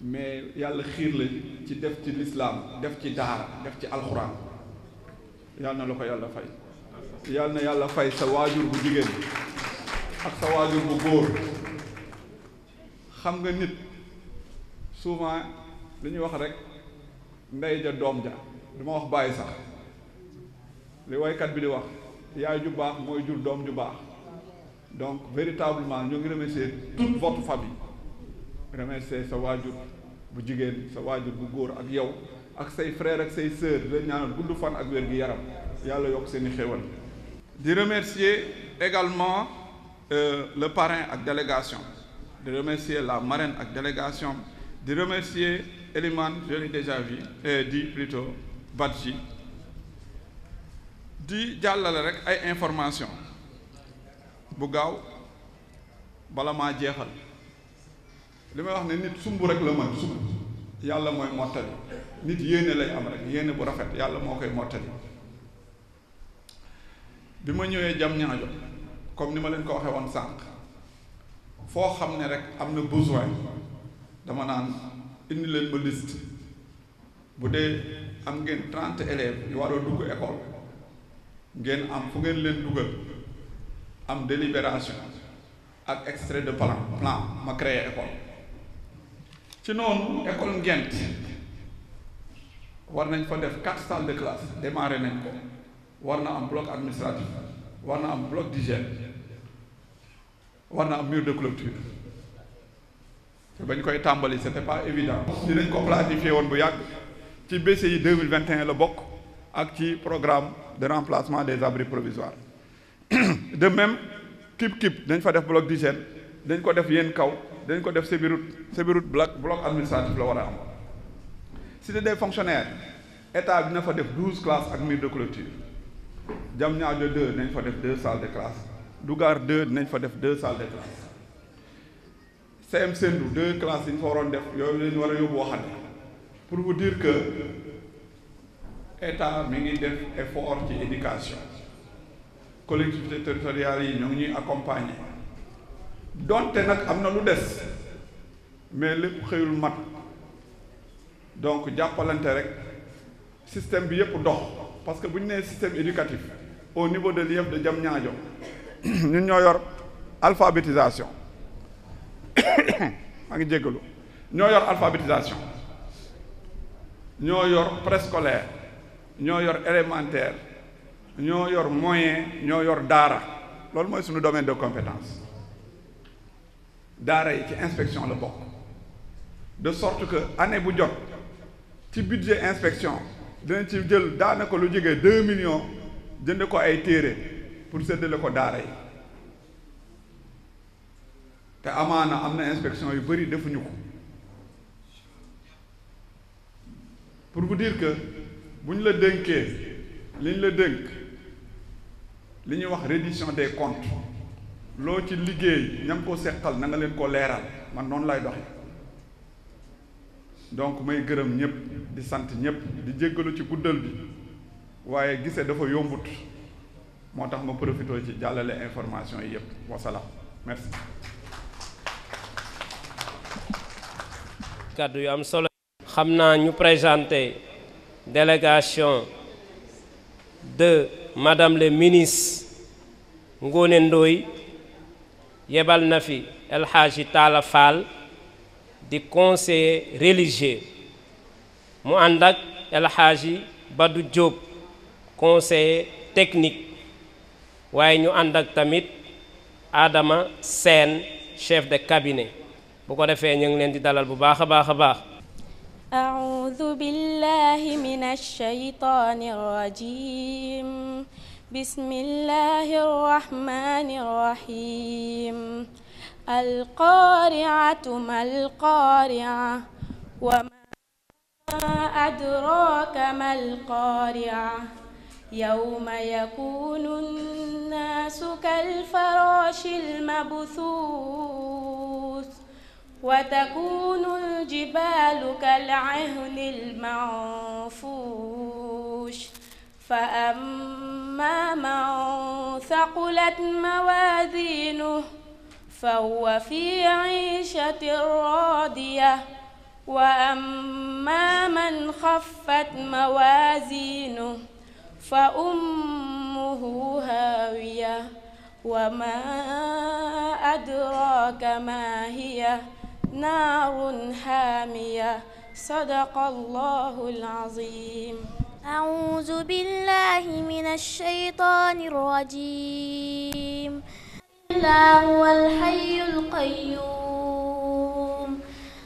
mais yàlla xiir la ci def ci lislaam def ci daara def ci alxuraan yàlla na la ko yàlla fay yàlla na yàlla fay sa waajur bu jigéen ak sa waajur bu góor xam nga nit souvent li ñuy wax rek ndey ja doom ja duma wax bàyyi sax li waykat bi di wax yaay ju baax mooy jur doom ju baax donc véritablement ñu ngi remercier toute votre famille remercier sa waajur bu jigéen sa waajur bu góor ak yow ak say frères ak say sœurs di ñaanal gudd fan ak wér gi yaram yàlla yokk seen i xéwal. di remercier également euh, le parent ak délégation di remercier la marine ak délégation di remercier Elimane je l'ai déjà vu eh, di plutôt Badji di jàllale rek ay information bu gaaw bala maa jeexal. li may wax ne nit sumbu rek la mën sumb yàlla mooy mottali nit yéene lay am rek yéene bu rafet yàlla moo koy mottali bi ma ñëwee jam ñaajo comme ni ma leen ko waxee woon sànq foo xam ne rek am na besoin dama naan indi leen ma liste bu dee am ngeen trente élèves yu war a dugg école ngeen am fu ngeen leen dugal am délibération ak extrait de plan plan ma créé école ci noonu école Ngent war nañ fa def quatre salles de classe démarré nañ ko war na am bloc administratif war na am bloc d'hygiène war na am mur de clôture te bañ koy tàmbali c'était pas évident di nañ ko planifié woon bu yàgg ci BCI 2021 la bokk ak ci programme de remplacement des abris provisoires de même kip kip dañ fa def bloc d'hygiène dañ ko def yéen kaw dañ ko def Sébirut Sébirut bloc bloc administratif la war a am cité des fonctionnaires état dina fa def douze classes ak mur de clôture Diamniadio de dinañ fa def deux salles de classe Dougar deux dinañ fa def deux salles de classe CM Sendou deux classes yi fa waroon def yooyu lañu war a yóbbu waxande pour bu diir que état mi ngi def effort ci éducation collectivités territoriales yi ñoo ngi ñuy accompagner. donte nag am na lu des mais lépp xëyul mat donc jàppalante rek système bi yëpp dox parce que bu ñu nee système éducatif au niveau de l'IEF de Diamniadio ñun ñoo yor alphabétisation maa ngi jéggalu ñoo yor alphabétisation ñoo yor préscolaire ñoo yor élémentaire ñoo yor moyen ñoo yor daara loolu mooy suñu domaine de compétence daara yi ci inspection la bokk de sorte que année bu jot ci budget inspection dina ci jël daanaka lu jege deux millions jënd ko ay téere pour séddale ko daara yi te amaana am na inspection yu bëri defuñu ko pour bu dire que bu ñu la dénkee li ñu la dénk li ñuy wax reddition des comptes loo ci liggéey ña ko seqal na leen ko leeral man noonu lay doxe donc may gërëm ñëpp di sant ñëpp di jéggalu ci guddal bi waaye gise dafa yombut moo tax ma profité ci jàllale information yi yëpp wasalaam merci kàddu yu am solo xam naa ñu présente délégation de madame le minis ngoone Ndoye yebal na fi El Hadji Talla di conseiller religieux mu ànd ak El Hadji Badou Diop conseiller technique waaye ñu ànd ak tamit aadama seen chef de cabinet bu ko defee ñu ngi leen di dalal bu baax a baax a baax أعوذ بالله من الشيطان الرجيم بسم الله الرحمن الرحيم القارعة ما القارعة وما أدراك ما القارعة يوم يكون الناس كالفراش المبثوث وتكون الجبال كالعهن المنفوش فأما من ثقلت موازينه فهو في عيشة راضية وأما من خفت موازينه فأمه هاوية وما أدراك ما هي نار حامية صدق الله العظيم أعوذ بالله من الشيطان الرجيم الله هو الحي القيوم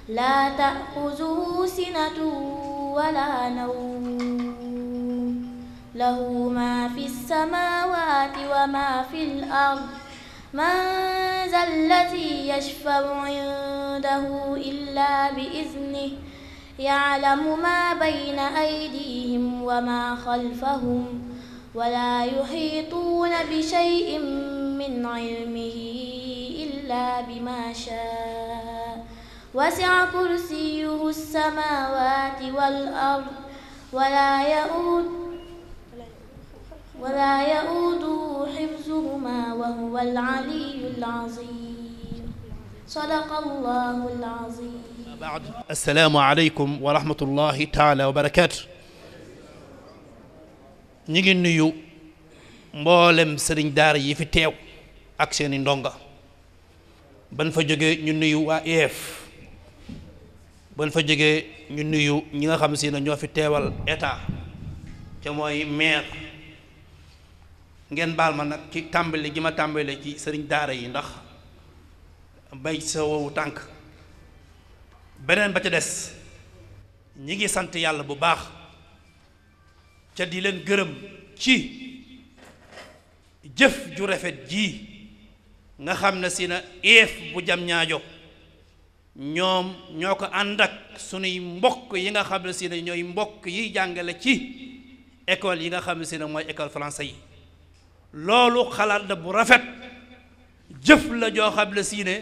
لا تأخذه سنة ولا نوم له ما في السماوات وما في الأرض من ذا الذي يشفع عنده إلا بإذنه يعلم ما بين أيديهم وما خلفهم ولا يحيطون بشيء من علمه إلا بما شاء وسع كرسيه السماوات والأرض ولا يؤود ولا يؤوده حفظهما وهو العلي العظيم صدق الله العظيم baad assalaamu aleykum wa rahmatullahi taala wa barakaatu ñi ngi nuyu mboolem sëriñ daara yi fi teew ak seeni ndonga ban fa jógee ñu nuyu waa IEF ban fa jógee ñu nuyu ñi nga xam si ne ñoo fi teewal état te mooy maire ngeen baal ma nag ci tàmbali gi ma tàmbale ci sëriñ daara yi ndax bay sa wowu tànk beneen ba ca des ñi ngi sant yàlla bu baax ca di leen gërëm ci jëf ju rafet jii nga xam ne si na eef bu jam ñaajo ñoom ñoo ko ànd ak sunuy mbokk yi nga xam ne si ne ñooy mbokk yiy jàngale ci école yi nga xam ne si ne mooy école français yi loolu xalaat la bu rafet jëf la joo xam ne si ne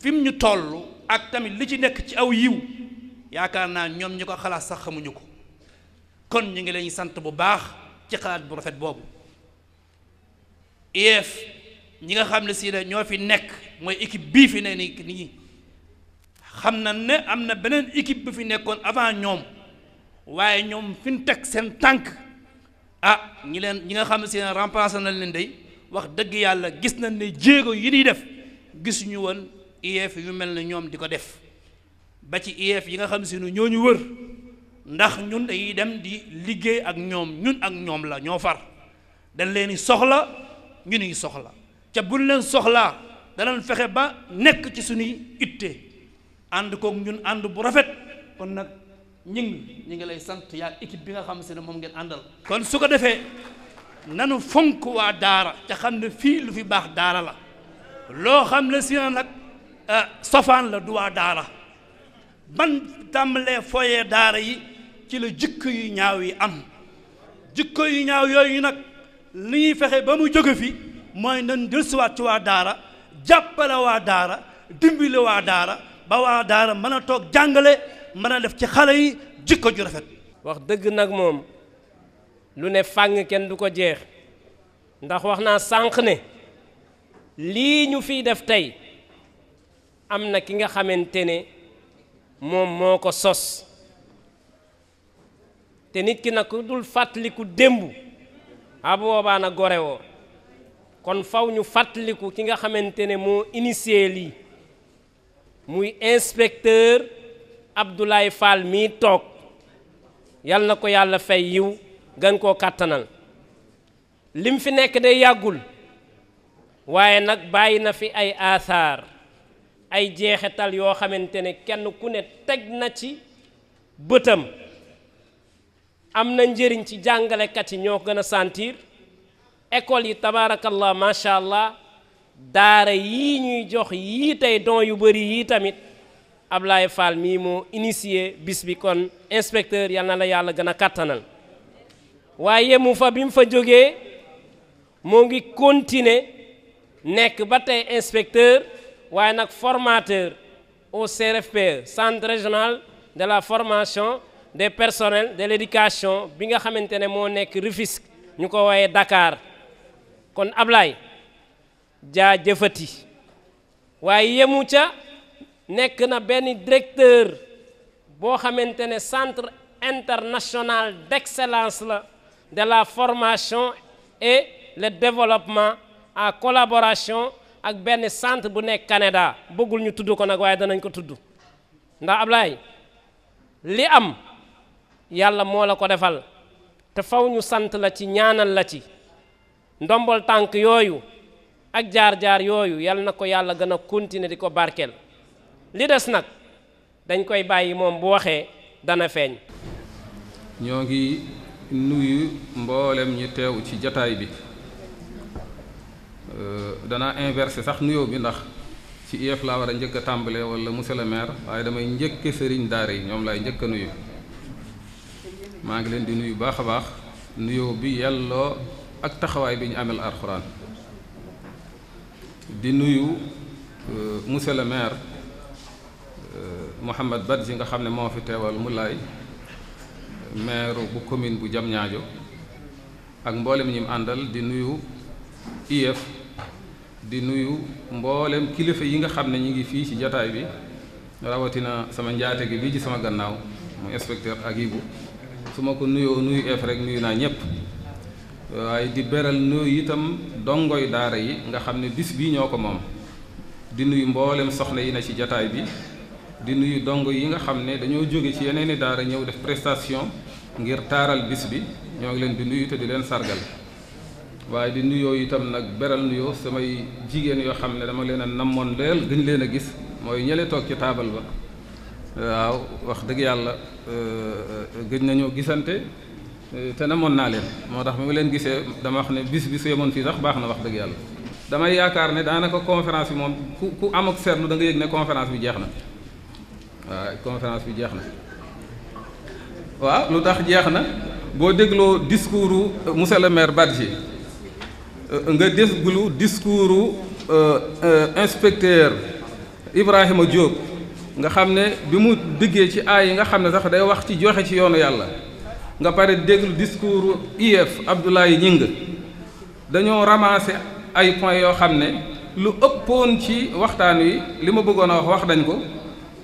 fi ñu toll ak tamit li ci nekk ci aw yiw yaakaar naa ñoom ñi ko xalaat sax xamuñu ko kon ñu ngi leen sant bu baax ci xalaat bu rafet boobu IEF ñi nga xam ne sii ne ñoo fi nekk mooy équipe bii fi ne nii nii xam na ne am na beneen équipe bu fi nekkoon avant ñoom waaye ñoom fi ñu teg seen tànk ah ñi leen ñi nga xam ne si ne remplacé nañ leen day wax dëgg yàlla gis nañ ne jéego yi di def gisuñu woon IEF yu mel na ñoom di ko def ba ci IEF yi nga xam si ne ñoo ñu wër ndax ñun dañuy dem di liggéey ak ñoom ñun ak ñoom la ñoo far dañ leen di soxla ñu nuy soxla ca buñ leen soxlaa danañ fexe ba nekk ci suñuy itte ànd kook ñun ànd bu rafet kon nag ñing ñu ngi lay sant yaag équipe bi nga xam si ne moom ngeen àndal kon su ko defee nanu fonk waa daara te xam ne fii lu fi baax daara la loo xam ne si na nag Euh, sofaan la duwaa daara ban tàmbalee foyee daara yi ci la jikko yu ñaaw yi am jikko yu ñaaw yooyu nag li fexe ba mu jóge fi mooy nan dellusiwaat ci waa daara jàppale waa daara dimbile waa daara ba waa daara mën a toog jàngale mën a def ci xale yi jikko ju rafet wax dëgg nag moom lu ne fàng kenn du ko jeex ndax wax naa sànq ne lii ñu fii def tey am na ki nga xamante ne moom moo ko sos te nit ki na nag dul fàttaliku démb a ah, boobaa na gore woo kon faw ñu fàttaliku ki nga xamante ne moo initié lii muy inspecteur Abdoulaye Fall mii toog yal na ko yàlla fay yiw gën koo kàttanal lim fi nekk de yàggul waaye nag bàyyi na fi ay aasaar ay jeexital yoo xamante ne kenn ku ne teg na ci bëtam am na njëriñ ci jàngalekat yi ñoo gën a sentir école yi tabaarakallah macha allah daara yi ñuy jox yii tey don yu bëri yii tamit Ablaye Fall mii moo initié bis bi kon inspecteur yal na la yàlla gën a kàttanal waaye mu fa bi mu fa jógee moo ngi kontine nekk ba tey inspecteur waaye nag formateur au CRFPE centre régional de la formation des personnels de l'éducation bi nga xamante ne moo nekk Rufisque ñu ko woowee dakaar kon Ablaye jaa jëfati waaye yemu ca nekk na benn directeur boo xamante ne centre international d'excellence la de la formation et le développement en collaboration ak benn sant bu nekk Canada bëggul ñu tudd ko nag waaye danañ ko tudd ndax Ablaay li am yàlla moo la ko defal te faw ñu sant la ci ñaanal la ci ndombol tànk yooyu ak jaar-jaar yooyu yal na ko yàlla gën a continuer di ko barkeel li des nag dañ koy bàyyi moom bu waxee dana feeñ ñoo ngi nuyu mboolem ñu teew ci jataay bi Euh, danaa inversé sax nuyoo bi ndax ci IEF laa war a njëkk a tàmbale wala monsieur le maire waaye damay njëkke sëriñ daara yi ñoom laay njëkk nuyu maa ngi leen di nuyu baax a baax nuyoo bi yàlloo ak taxawaay bi ñu amel alxuraan di nuyu euh, monsieur le maire euh, Mouhamed Badji nga xam ne moo fi teewal mu laay maire bu commune bu jam ñaajo ak mboolem ñi mu àndal di nuyu IEF di nuyu mboolem kilifa yi nga xam ne ñu ngi fii ci jataay bi rawatina sama njaate gi bii ci sama gannaaw mu inspecteur Aguibou su ma ko nuyoo nuyu eef rek nuyu naa ñëpp waaye di beral nuyu itam dongoy daara yi nga xam ne bis bii ñoo ko moom di nuyu mboolem soxna yi na ci jataay bi di nuyu dongo yi nga xam ne dañoo jóge ci yeneen daara ñëw def prestation ngir taaral bis bi ñoo ngi leen di nuyu te di leen sargal waaye di nuyoo itam nag beral nuyoo samay jigéen yoo xam ne dama leen a namoon leen gëñ leen a gis mooy ñële toog ci taabal ba waaw wax dëgg yàlla euh, gëj nañoo gisante euh, te namoon naa leen moo tax bi ma leen gisee dama wax ne bis bi su yemoon fii sax baax na wax dëgg yàlla damay yaakaar ne daanaka conférence bi moom ku ku am ak seetlu da yëg ne conférence bi jeex na waaw conférence bi jeex na waaw lu tax jeex na boo dégloo discours u euh, monsieur le maire Badji Euh, nga déglu discours euh, euh, inspecteur Ibrahima Diop nga xam ne bi mu diggee ci aay yi nga xam ne sax day wax ci joxe ci yoonu yàlla nga pare déglu discours IF Abdoulaye Ñing dañoo ramassé ay points yoo xam ne lu ëppoon ci waxtaan wi li ma bëggoon a wax wax dañ ko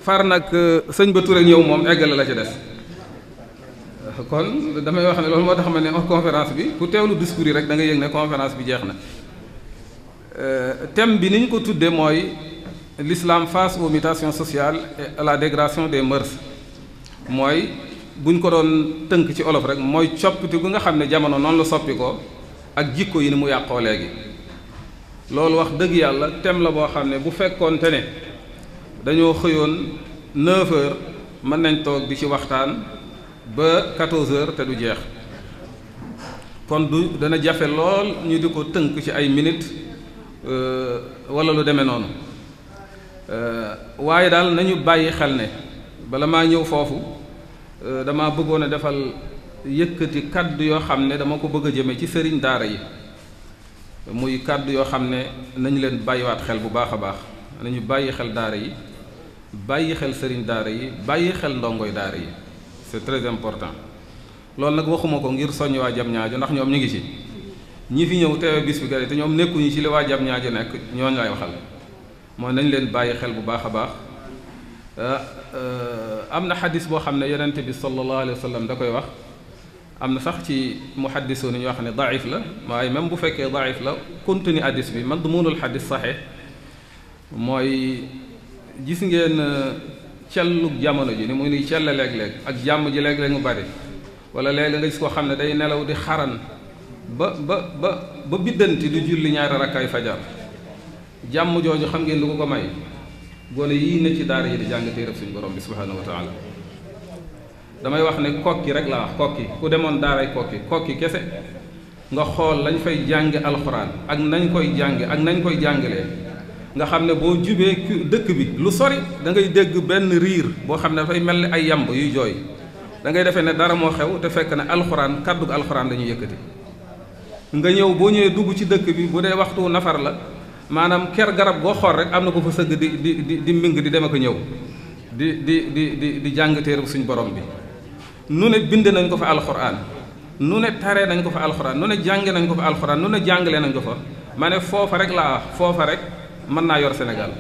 far nag sëñ Ba Touré ñëw moom eggale la ci des kon damay wax ne loolu moo tax ma ne conférence bi ku teewlu discours yi rek da nga yëg ne conférence bi jeex na euh, thème bi ni ñu ko tuddee mooy l'islam face aux sociale et la dégradation des mœurs mooy bu ñu ko doon tënk ci olof rek mooy coppite bu nga xam ne jamono noonu la soppi ko ak jikko yi ni mu yàqoo léegi loolu wax dëgg yàlla thème la boo xam ne bu fekkoonte ne dañoo xëyoon 9 mën nañ toog di ci waxtaan ba 14 heures te du jeex kon du dana jafe lool ñu di ko tënk ci ay minutes euh, walla lu demee noonu euh, waaye daal nañu bàyyi xel ne bala maa ñëw foofu euh, dama bëggoon a defal yëkkati kàddu yoo xam ne dama ko bëgg a jëme ci sëriñ daara yi muy kàddu yoo xam ne nañu leen bàyyiwaat xel bu baax a baax nañu bàyyi xel daara yi bàyyi xel sëriñ daara yi bàyyi xel ndongoy daara yi c'est très important loolu nag waxuma ko ngir soññ waa jam ñaajo ndax ñoom ñu ngi ci ñi fi ñëw teewe bis bi gari te ñoom nekkuñu ci li waa jam ñaajo nekk ñooñu lay waxal mooy nañ leen bàyyi xel bu baax a baax ah, ah, am na xadis boo xam ne yonente bi sallallahu alayhi wa sallam da koy wax am na sax ci muhaddisu ni ñoo xam ne daif la waaye même bu fekkee daif la contenu hadis bi man du munul xadis saxe mooy gis ngeen cellug jamono ji ni muy nuy cell léeg-léeg ak jàmm ji léeg-léeg mu bari wala léeg-léeg nga gis koo xam ne day nelaw di xaran ba ba ba ba biddanti du julli ñaari rakkaay fajar jàmm jooju xam ngeen lu ko ko may gone yii ne ci daara yi di jàng téereb suñu borom bi subhanahu wa damay wax ne kokki rek laa wax kokki ku demoon daaray kokki kokki kese nga xool lañ fay jàng alxuraan ak nañ koy jàng ak nañ koy jàngalee nga xam ne boo jubee dëkk bi lu sori da ngay dégg benn riir boo xam ne dafay mel ni ay yamb yuy jooy da ngay defee ne dara moo xew te fekk ne alxuraan kàddug alxuraan la ñuy nga ñëw boo ñëwee dugg ci dëkk bi bu dee waxtu nafar la maanaam ker garab goo xool rek am na ko fa sëgg di di di di mbing di dem ko ñëw di di di di di jàng téere suñ borom bi nu ne bind nañ ko fa alxuraan nu ne taree nañ ko fa alxuraan nu ne jànge nañ ko fa alxuraan nu ne jàngale nañ ko fa ma ne foofa rek laa foofa rek mën naa yor senegal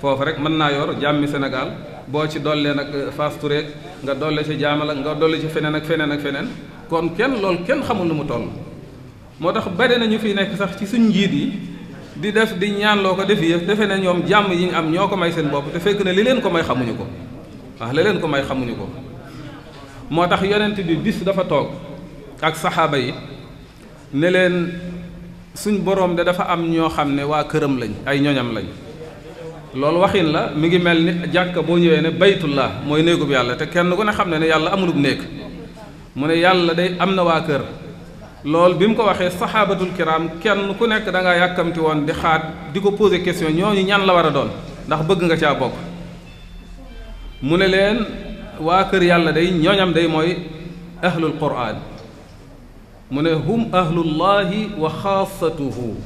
foofu rek mën naa yor jàmmi senegal boo ci dollee nag euh, Fass Touré nga dolle ci jaamal nga dolle ci feneen ak feneen ak feneen kon kenn loolu kenn xamul nu mu toll moo tax bari na ñu fi nekk sax ci suñ njiit yi di def di ñaan loo ko def yëf defe ne ñoom jàmm yi ñu am ñoo ko may seen bopp te fekk ne li leen ko may xamuñu ko wax li leen ko may xamuñu ko moo tax yenent bi bis dafa toog ak saxaaba yi ne leen suñ boroom de dafa am ñoo xam ne waa këram lañ ay ñoñam lañ loolu waxin la mi ngi mel ni jàkka boo ñëwee ne baytullah mooy néegub yàlla te kenn ko ne xam ne ne yàlla amulub néeg mu ne yàlla day am na waa kër loolu bi mu ko waxee saxaabatul kiram kenn ku nekk da ngaa yàkkamti woon di xaat di ko poser question ñu ñan la war a doon ndax bëgg nga caa bokk mu ne leen waa kër yàlla day ñooñam day mooy ahlul quraan mu ne hum ahlullahi wa xaasatuhu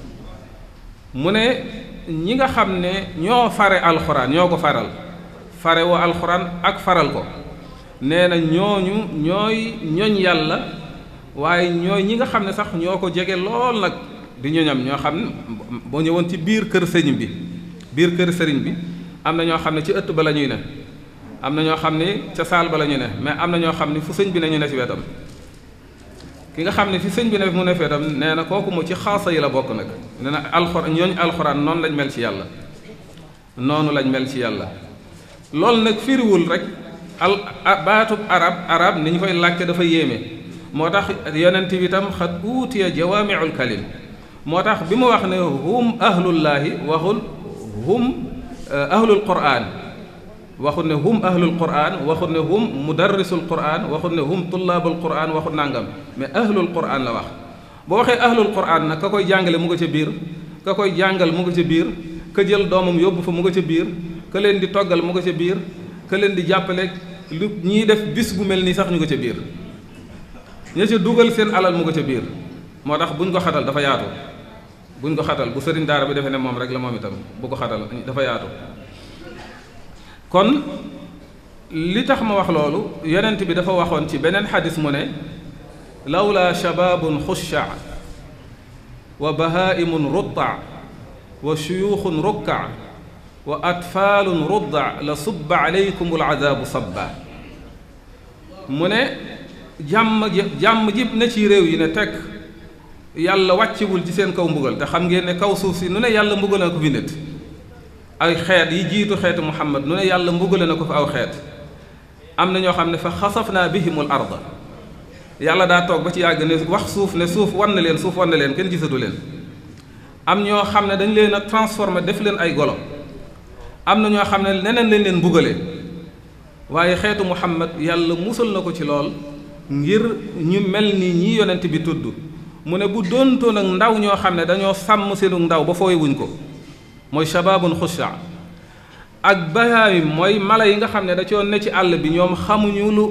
mu ne ñi nga xam ne ñoo fare alxuraan ñoo ko faral fare wa alxuraan ak faral ko nee na ñooñu ñooy ñoñ yàlla waaye ñooy ñi nga xam ne sax ñoo ko jege lool nag di ñoñam ñoo xam ne boo ñëwoon ci biir kër sëriñ bi biir kër sëriñ bi am na ñoo xam ne ci ëtt ba la ñuy ne am na ñoo xam ne ca saal ba la ñu ne mais am na ñoo xam ne fu sëñ bi nañu ne ci wetam ki nga xam ne fi sëñ bi ne mu ne fee tam nee na kooku mu ci xaasa la bokk nag ne na alxor ñooñu alxuraan noonu lañ mel ci yàlla noonu lañ mel ci yàlla loolu nag firiwul rek al baatub arab arab ni ñu koy làkke dafa yéeme moo tax yonent bi tam xat uutiya jawaamiul kalim moo tax bi mu wax ne hum ahlullaahi waxul hum eh, ahlul quraan waxut ne hum ahlul quran waxut ne hum mudarrisul quran waxut ne hum tullaabul quran waxut nangam mais ahlul quran la wax boo waxee ahlul quran nag ka koy jàngale mu nga ca biir ka koy jàngal mu nga ca biir këjal jël doomam yóbbu fa mu nga ca biir ka leen di toggal mu nga ca biir ka leen di jàppale lu ñiy def bis bu mel ni sax ñu nga ca biir ña ca dugal seen alal mu nga ca biir moo tax buñ ko xatal dafa yaatu bu buñ ko xatal bu sëriñ daara bi defee moom rek la itam bu ko xatal dafa kon li tax ma wax loolu yonent bi dafa waxoon ci beneen xadis mu ne lawla shabaabun xusha wa bahaa'imun rutta wa shuyuuxun rukka wa atfaalun rudda la subba aleykum alazaabu sabba mu ne jàmm ji jàmm ji ne ci réew yi ne tekk yàlla wàccewul ci seen kaw mbugal te xam ngeen ne kaw suuf si nu ne yàlla mbugal na ko fi ay xeet yi jiitu xeetu muhammad nu ne yàlla mbugale na ko fa aw xeet am na ñoo xam ne fa bi bihimul arda yàlla daa toog ba ci yàgg ne wax suuf ne suuf wan na leen suuf war na leen kenn gisatu leen am ñoo xam ne dañ leen a transformé def leen ay golo am na ñoo xam ne neneen lañ leen mbugalee waaye xeetu muhammad yàlla musal na ko ci lool ngir ñu mel ni ñi yonent bi tudd mu ne bu doontoon ak ndaw ñoo xam ne dañoo sàmm seenu ndaw ba fooy ko mooy shabaabun xusha ak bayaawim mooy mala yi nga xam ne da coon ne ci àll bi ñoom xamuñu lu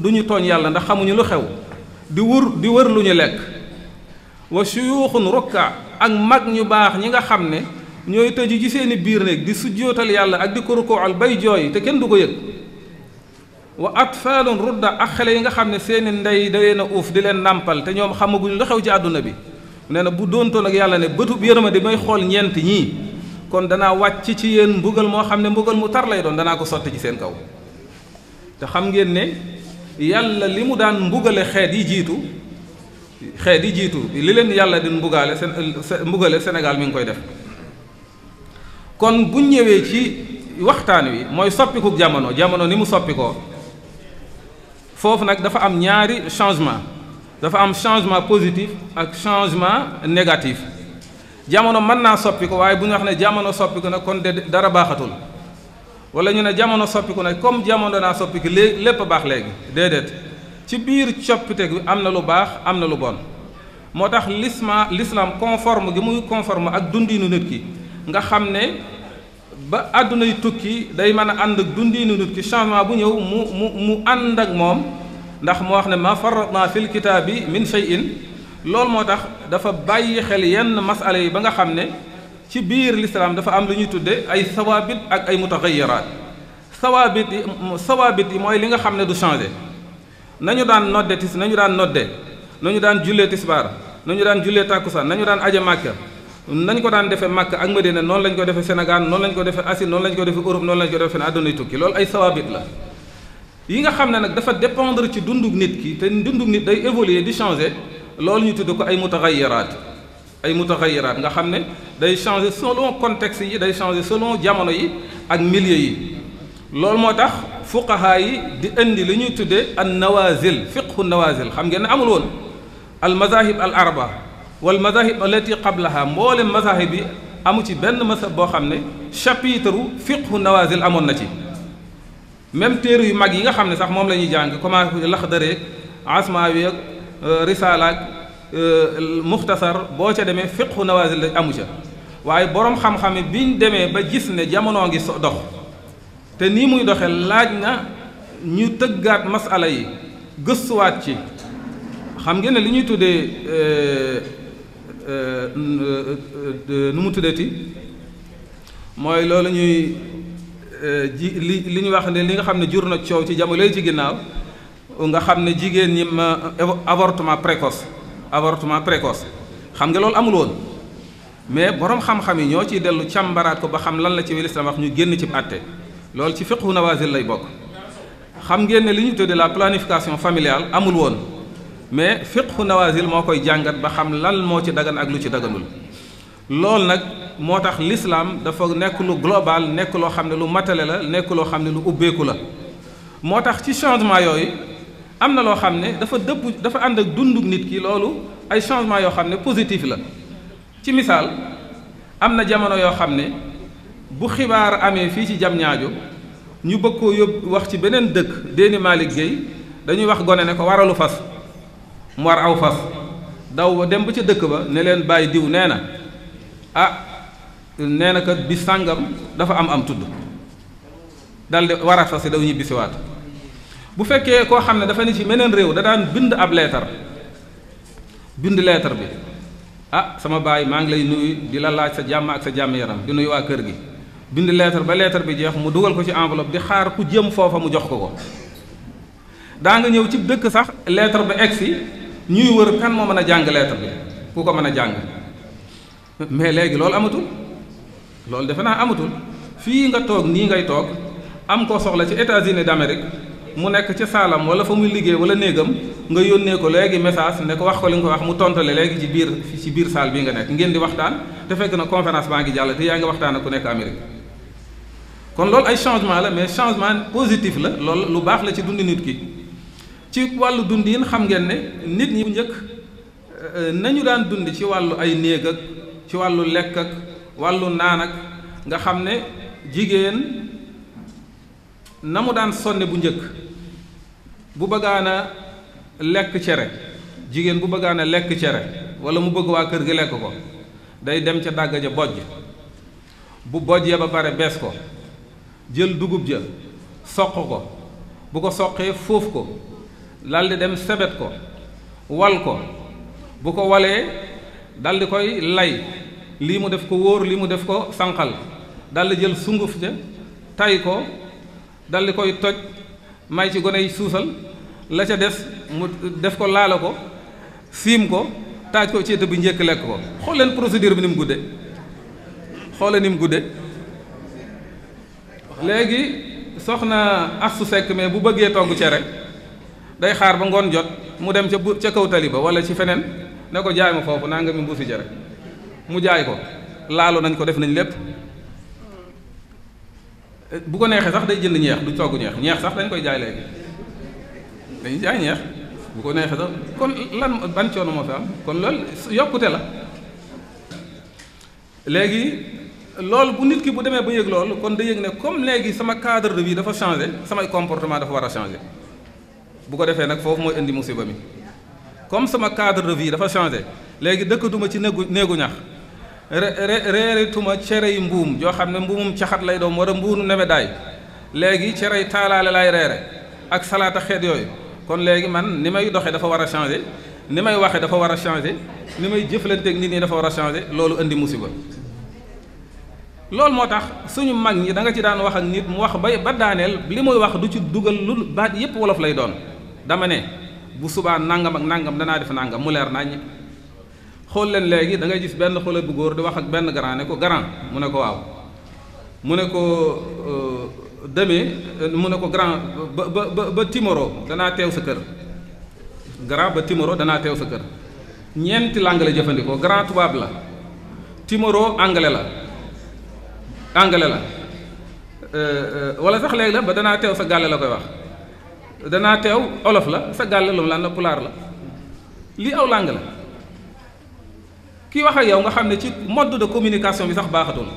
du tooñ yàlla ndax xamuñu lu xew di wër di wër lu ñu lekk wa suyuuxun rukka ak mag ñu baax ñi nga xam ne ñooy tëju ci seeni biir néeg di sujjootal yàlla ak di ko rukkooal bay jooy te kenn du ko yëg wa atfaalun rudda ak xale yi nga xam ne seeni ndey dawee na uuf di leen nàmpal te ñoom xamaguñu lu xew ci àdduna bi nee na bu doontoon ak yàlla ne bëtub yërmande may xool ñeent ñii kon danaa wàcc ci yéen mbugal moo xam ne mbugal mu tar lay doon danaa ko sotti ci seen kaw te xam ngeen ne yàlla li mu daan mbugale xeet yi jiitu xeet yi jiitu li leen yàlla di mbugale seen mbugale Sénégal mi ngi koy def kon bu ñëwee ci waxtaan wi mooy soppiku jamono jamono ni mu soppi foofu nag dafa am ñaari changement dafa am changement positif ak changement négatif jamono mën naa soppi ko waaye bu ñu wax ne jamono soppi ko nag kon de dara baaxatul wala ñu ne jamono soppi ko nag comme jamono naa soppi ko léegi lépp baax léegi déedéet ci biir coppite bi am na lu baax am na lu bon moo tax lisma l'islam conforme gi muy conforme ak dundiinu nit ki nga xam ne ba àddunay tukki day mën a ànd ak dundiinu nit ki changement bu ñëw mu mu mu ànd ak moom ndax moo wax ne ma farratna fil bi min shay'in loolu moo tax dafa bàyyi xel yenn masala yi ba nga xam ne ci biir lislaam dafa am lu ñuy tudde ay sawaabit ak ay mutaxayiraat sawaabit yi sawaabit yi mooy li nga xam ne du changé nañu daan nodde tis nañu daan nodde nañu daan jullee tisbaar nañu daan jullee tàkkusaan nañu daan aje màkka nañ ko daan defee màkk ak Madina noonu lañ ko defee Sénégal noonu lañ ko defee Asie noonu lañ ko defee Europe noonu lañ ko defee àdduna tukki loolu ay sawaabit la yi nga xam ne nag dafa dépendre ci dundug nit ki te dundug nit day évoluer di changer loolu ñu tudd ko ay mutaxayiraat ay mutaxayiraat nga xam ne day changer selon contexte yi day changer selon jamono yi ak milieu yi loolu moo tax fuqahaa yi di indi li ñuy tuddee an nawazil fiqhu nawazil xam ngeen ne amul woon al mazahib al arba wal mazahib allati qablaha mboolem mazahib yi amu ci benn masab boo xam ne chapitre fiqhu nawazil amoon na ci même téere yu mag yi nga xam ne sax moom la ñuy jàng commencé laxdareeg asmaa weeg Euh, risaalaak euh, muxtasar boo ca demee fiqhu nawazil la amu ca waaye boroom xam-xame biñ demee ba gis ne jamono ngi dox te nii muy doxe laaj na ñu tëggaat masala yi gëstuwaat ci xam ngeen ne li ñuy tuddee euh, nu mu tuddati mooy loolu ñuy ji li li ñu wax ne li nga xam ne jur na coow ci jamono yi ci ginnaaw nga xam ne jigéen ñi ma avortement précoce avortement précoce xam nga loolu amul woon mais borom xam-xam yi ñoo ciy dellu càmbaraat ko ba xam lan la ci lislam wax ñu génn ci àtte loolu ci fiqhu nawazil lay bokk xam ngeen ne li ñu tuddee la planification familiale amul woon mais fiqhu nawazil moo koy jàngat ba xam lan moo ci dagan ak lu ci daganul loolu nag moo tax lislaam dafa nekk lu global nekk loo xam ne lu matale la nekk loo xam ne lu ubbeeku la moo tax ci changement yooyu am na loo xam ne dafa dëpp dafa ànd ak dunduk nit ki loolu ay changement yoo xam ne positif la ci misaal am na jamono yoo xam ne bu xibaar amee fii ci jam ñaajo ñu bëgg koo yóbbu wax ci beneen dëkk déeni Malick Gueye dañuy wax gone ne ko waralu fas mu war aw fas daw ba dem ba ca dëkk ba ne leen bàyyi diw nee na ah nee na kat bi sàngam dafa am am tudd dal di war a fas daw ñibbisiwaat bu fekkee koo xam ne dafa ne ci meneen réew da daan bind ab leetar bind leetar bi ah sama baay maa ngi lay nuyu di la laaj sa jàmm ak sa jàmm yaram di nuyu waa kër gi bind leetar ba leetar bi jeex mu dugal ko ci enveloppe di xaar ku jëm foofa mu jox ko ko daa nga ñëw ci dëkk sax leetar ba egsi ñuy wër kan moo mën a jàng leetar bi ku ko mën a jàng mais léegi loolu amatul loolu defe naa amatul fii nga toog nii ngay toog am koo soxla ci États-Unis d'Amérique mu nekk ca saalam wala fa muy liggéey wala néegam nga yónnee ko léegi message ne ko wax ko li nga ko wax mu tontale léegi ci biir ci biir saal bi nga nekk ngeen di waxtaan te fekk na conférence baa ngi jàll te yaa ngi waxtaan ak ku nekk Amérique kon loolu ay changement la mais changement positif la loolu lu baax la ci dundi nit ki ci wàllu dund yin xam ngeen ne nit ñi bu njëkk euh, nañu daan dund ci wàllu ay néeg ak ci wàllu lekk ak wàllu naan ak nga xam ne jigéen na mu daan sonne bu njëkk bu bëggaana a lekk cere jigéen bu bëggaana lekk cere wala mu bëgg waa kër gi lekk ko day dem ca dàgg ja bojj bu bojj ya ba pare bees ko jël dugub ja soq ko bu ko soqee foofu ko daldi dem sebet ko wal ko bu ko walee daldi koy lay lii mu def ko wóor lii mu def ko sànqal dal jël sunguf ja tay ko daldi koy toj may ci gone yi suusal la ca des mu def ko laalo ko siim ko taaj ko ceeta bi njëkk lekk ko xool leen procédure bi ni mu gudde xoole ni mu gudde léegi soxna astu sekk mais bu bëggee togg cere day xaar ba ngoon jot mu dem ca bu ca kaw tali wala ci feneen ne ko jaay ma foofu naa nga mi mbuusi cere mu jaay ko laalu nañ ko def nañ lépp bu ko neexee sax day jënd ñeex du togg ñeex ñeex sax dañ koy jaay léegi dañuy jaay ñeex bu ko neexee sax kon lan ban coono moo fi kon loolu yokkute la léegi loolu bu nit ki bu demee ba yëg loolu kon da yëg ne comme léegi sama cadre de vie dafa changé samay comportement dafa war a changé bu ko defee nag foofu mooy indi musiba mi comme sama cadre de vie dafa changé léegi dëkkatuma ci néegu néegu ñax cere cerey mbuum joo xam ne mbuumum caxat lay doom war a mbuunu nebedaay léegi cerey taalaale laay reere ak salaata xeet yooyu kon léegi man ni may doxee dafa war a changé ni may waxee dafa war a changé ni may jëflanteeg nit ñi dafa war a changé loolu indi musiba loolu moo tax suñu mag ñi da nga ci daan wax ak nit mu wax ba ba daaneel li muy wax du ci dugal lu baat yépp wolof lay doon dama ne bu subaa nangam ak nangam danaa def nangam mu leer naa xool leen léegi da ngay gis benn xale bu góor di wax ak benn grand ne ko garan mu ne ko waaw mu ne ko euh, demee euh, mu ne ko grand ba ba ba timoro danaa teew sa kër grand ba timoro danaa teew sa kër ñeenti langue jëfandikoo grand tubaab la timoro anglais la anglais la euh, wala sax léegi la ba danaa teew sa gàlle la koy wax danaa teew olof la sa gàlle lu mu la na pulaar la lii aw langue kii wax ak yow nga xam ne ci modd de communication bi sax baaxatul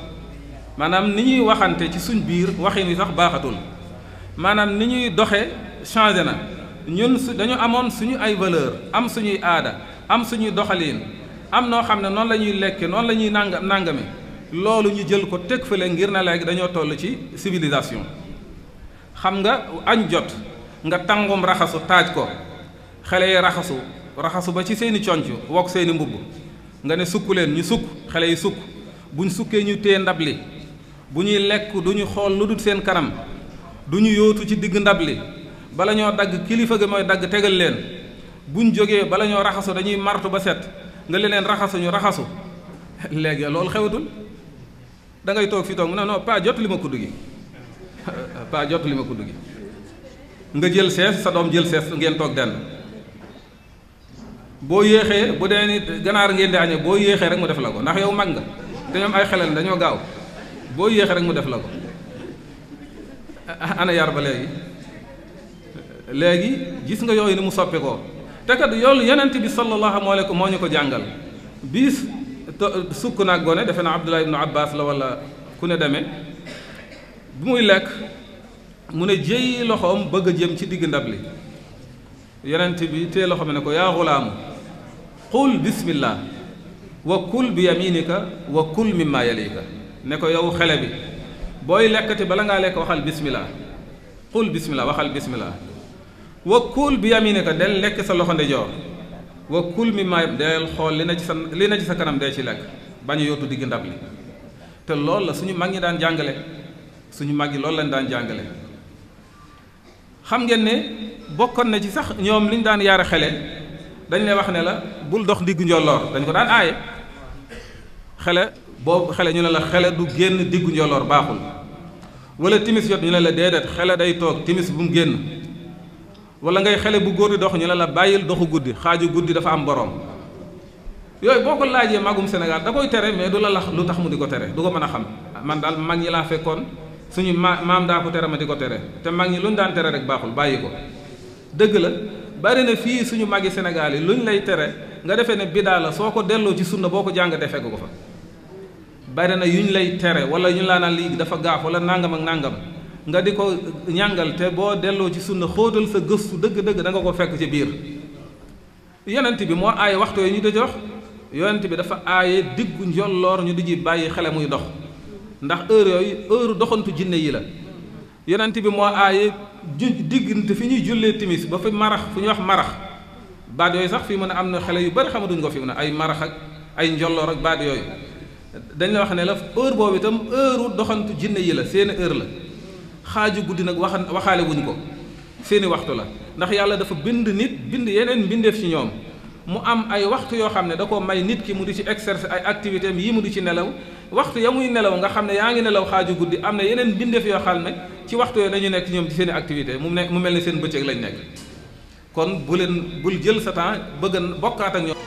maanaam ni ñuy waxante ci suñ biir waxin wi sax baaxatul maanaam ni ñuy doxe changé na ñun su dañu amoon suñu ay valeur am suñuy aada am suñuy doxalin am noo xam ne noonu la ñuy lekke noonu la ñuy nàng nàngame loolu ñu jël ko teg fële ngir na léegi dañoo toll ci civilisation xam nga añ jot nga tàngum raxasu taaj ko xale yi raxasu raxasu ba ci seeni conc wokk seeni mbubb nga ne sukk leen ñu sukk xale yi sukk buñ sukkee ñu téye ndab li bu ñuy lekk du ñu xool lu dul seen kanam du ñu yóotu ci digg ndab li bala ñoo dagg kilifa ga mooy dagg tegal leen buñ jógee bala ñoo raxasu dañuy martu ba set nga leen raxasu ñu raxasu léegi loolu xewatul dangay toog fii toog mu ne non pas jot li ma kudd gi pas jot li ma kudd gi nga jël sees sa doom jël sees ngeen toog denn boo yéexee bu dee ni ganaar ngeen di añee boo yéexee rek mu def la ko ndax yow mag nga te ñoom ay xelal dañoo gaaw boo yéexee rek mu def la ko ana yar ba léegi léegi gis nga yooyu ni mu soppe ko te kat yoolu yonent bi sallallahu alayhi moo ñu ko jàngal biis sukk naag gone defe naa Abdullah ibnu Abbas la walla ku ne demee bu muy lekk mu ne jéy loxoom bëgg a jëm ci digg ndab li yeneent bi tee loxo mi ne ko yaa xulaamu qul bismillah wa kul bi yaminika wa kul mimma ne ko yow xele bi booy lekkati bala ngaa lekk waxal bismillah qul bismillah waxal bismillah wa kul bi yaminika del lekk sa loxo ndeyjoor wa kul mimma del xool li na ci sa li na ci sa kanam dee ci lekk bañ a yóotu digg ndab li te loolu la suñu mag ñi daan jàngale suñu mag yi loolu lañ daan jàngale xam ngeen ne bokkoon na ci sax ñoom liñ daan yaara xele dañ lay wax ne la bul dox diggu njolloor dañ ko daan aaye xale boobu xale ñu ne la xale du génn diggu njolloor baaxul wala timis jot ñu ne la déedéet xale day toog timis bu mu génn wala ngay xale bu góor di dox ñu ne la bàyyil doxu guddi xaaju guddi dafa am boroom yooyu boo ko laajee magum Sénégal da koy tere mais du la lax lu tax mu di ko tere du ko mën a xam man daal mag ñi laa fekkoon suñu ma maam daa ko tere ma di ko tere te mag ñi lu ñu daan tere rek baaxul bàyyi ko dëgg la bari na fii suñu magi Sénégal yi luñ lay tere nga defe ne bidaa la soo ko delloo ci sunna boo ko jàng defee ko fa bari na yu yuñ lay tere wala ñu laa naan lii dafa gaaf wala nangam ak nangam nga di ko ñàngal te boo delloo ci sunna xóotal sa gëstu dëgg-dëgg da nga ko fekk ci biir yonent bi moo aaye waxtu yi ñu di jox yonent bi dafa aaye diggu njolloor ñu di ji bàyyi xele muy dox ndax heure yooyu heure doxantu jinne yi la yonent bi moo aaye ju diggante fi ñuy jullee timis ba fi marax fu ñuy wax marax baat yooyu sax fii mën a am na xale yu bari xamatuñ ko fi mën a ay marax ak ay njolloor ak baat yooyu dañ la wax ne la heure boobu itam heure doxantu jinne yi la seeni heure la xaaju guddi nag waxan waxaale wuñ ko seeni waxtu la ndax yàlla dafa bind nit bind yeneen mbindeef ci ñoom mu am ay waxtu yoo xam ne da ko may nit ki mu di ci exercer ay activité am yi mu du ci nelaw waxtu ya muy nelaw nga xam ne yaa ngi nelaw xaaju guddi am na yeneen mbindeef yoo xal ne ci waxtu yooyu dañu nekk ñoom ci seen activité mu ne mu mel ne seen bëccëg lañ nekk kon bu leen bul jël sa temps bëgg bokkaat ak ñoom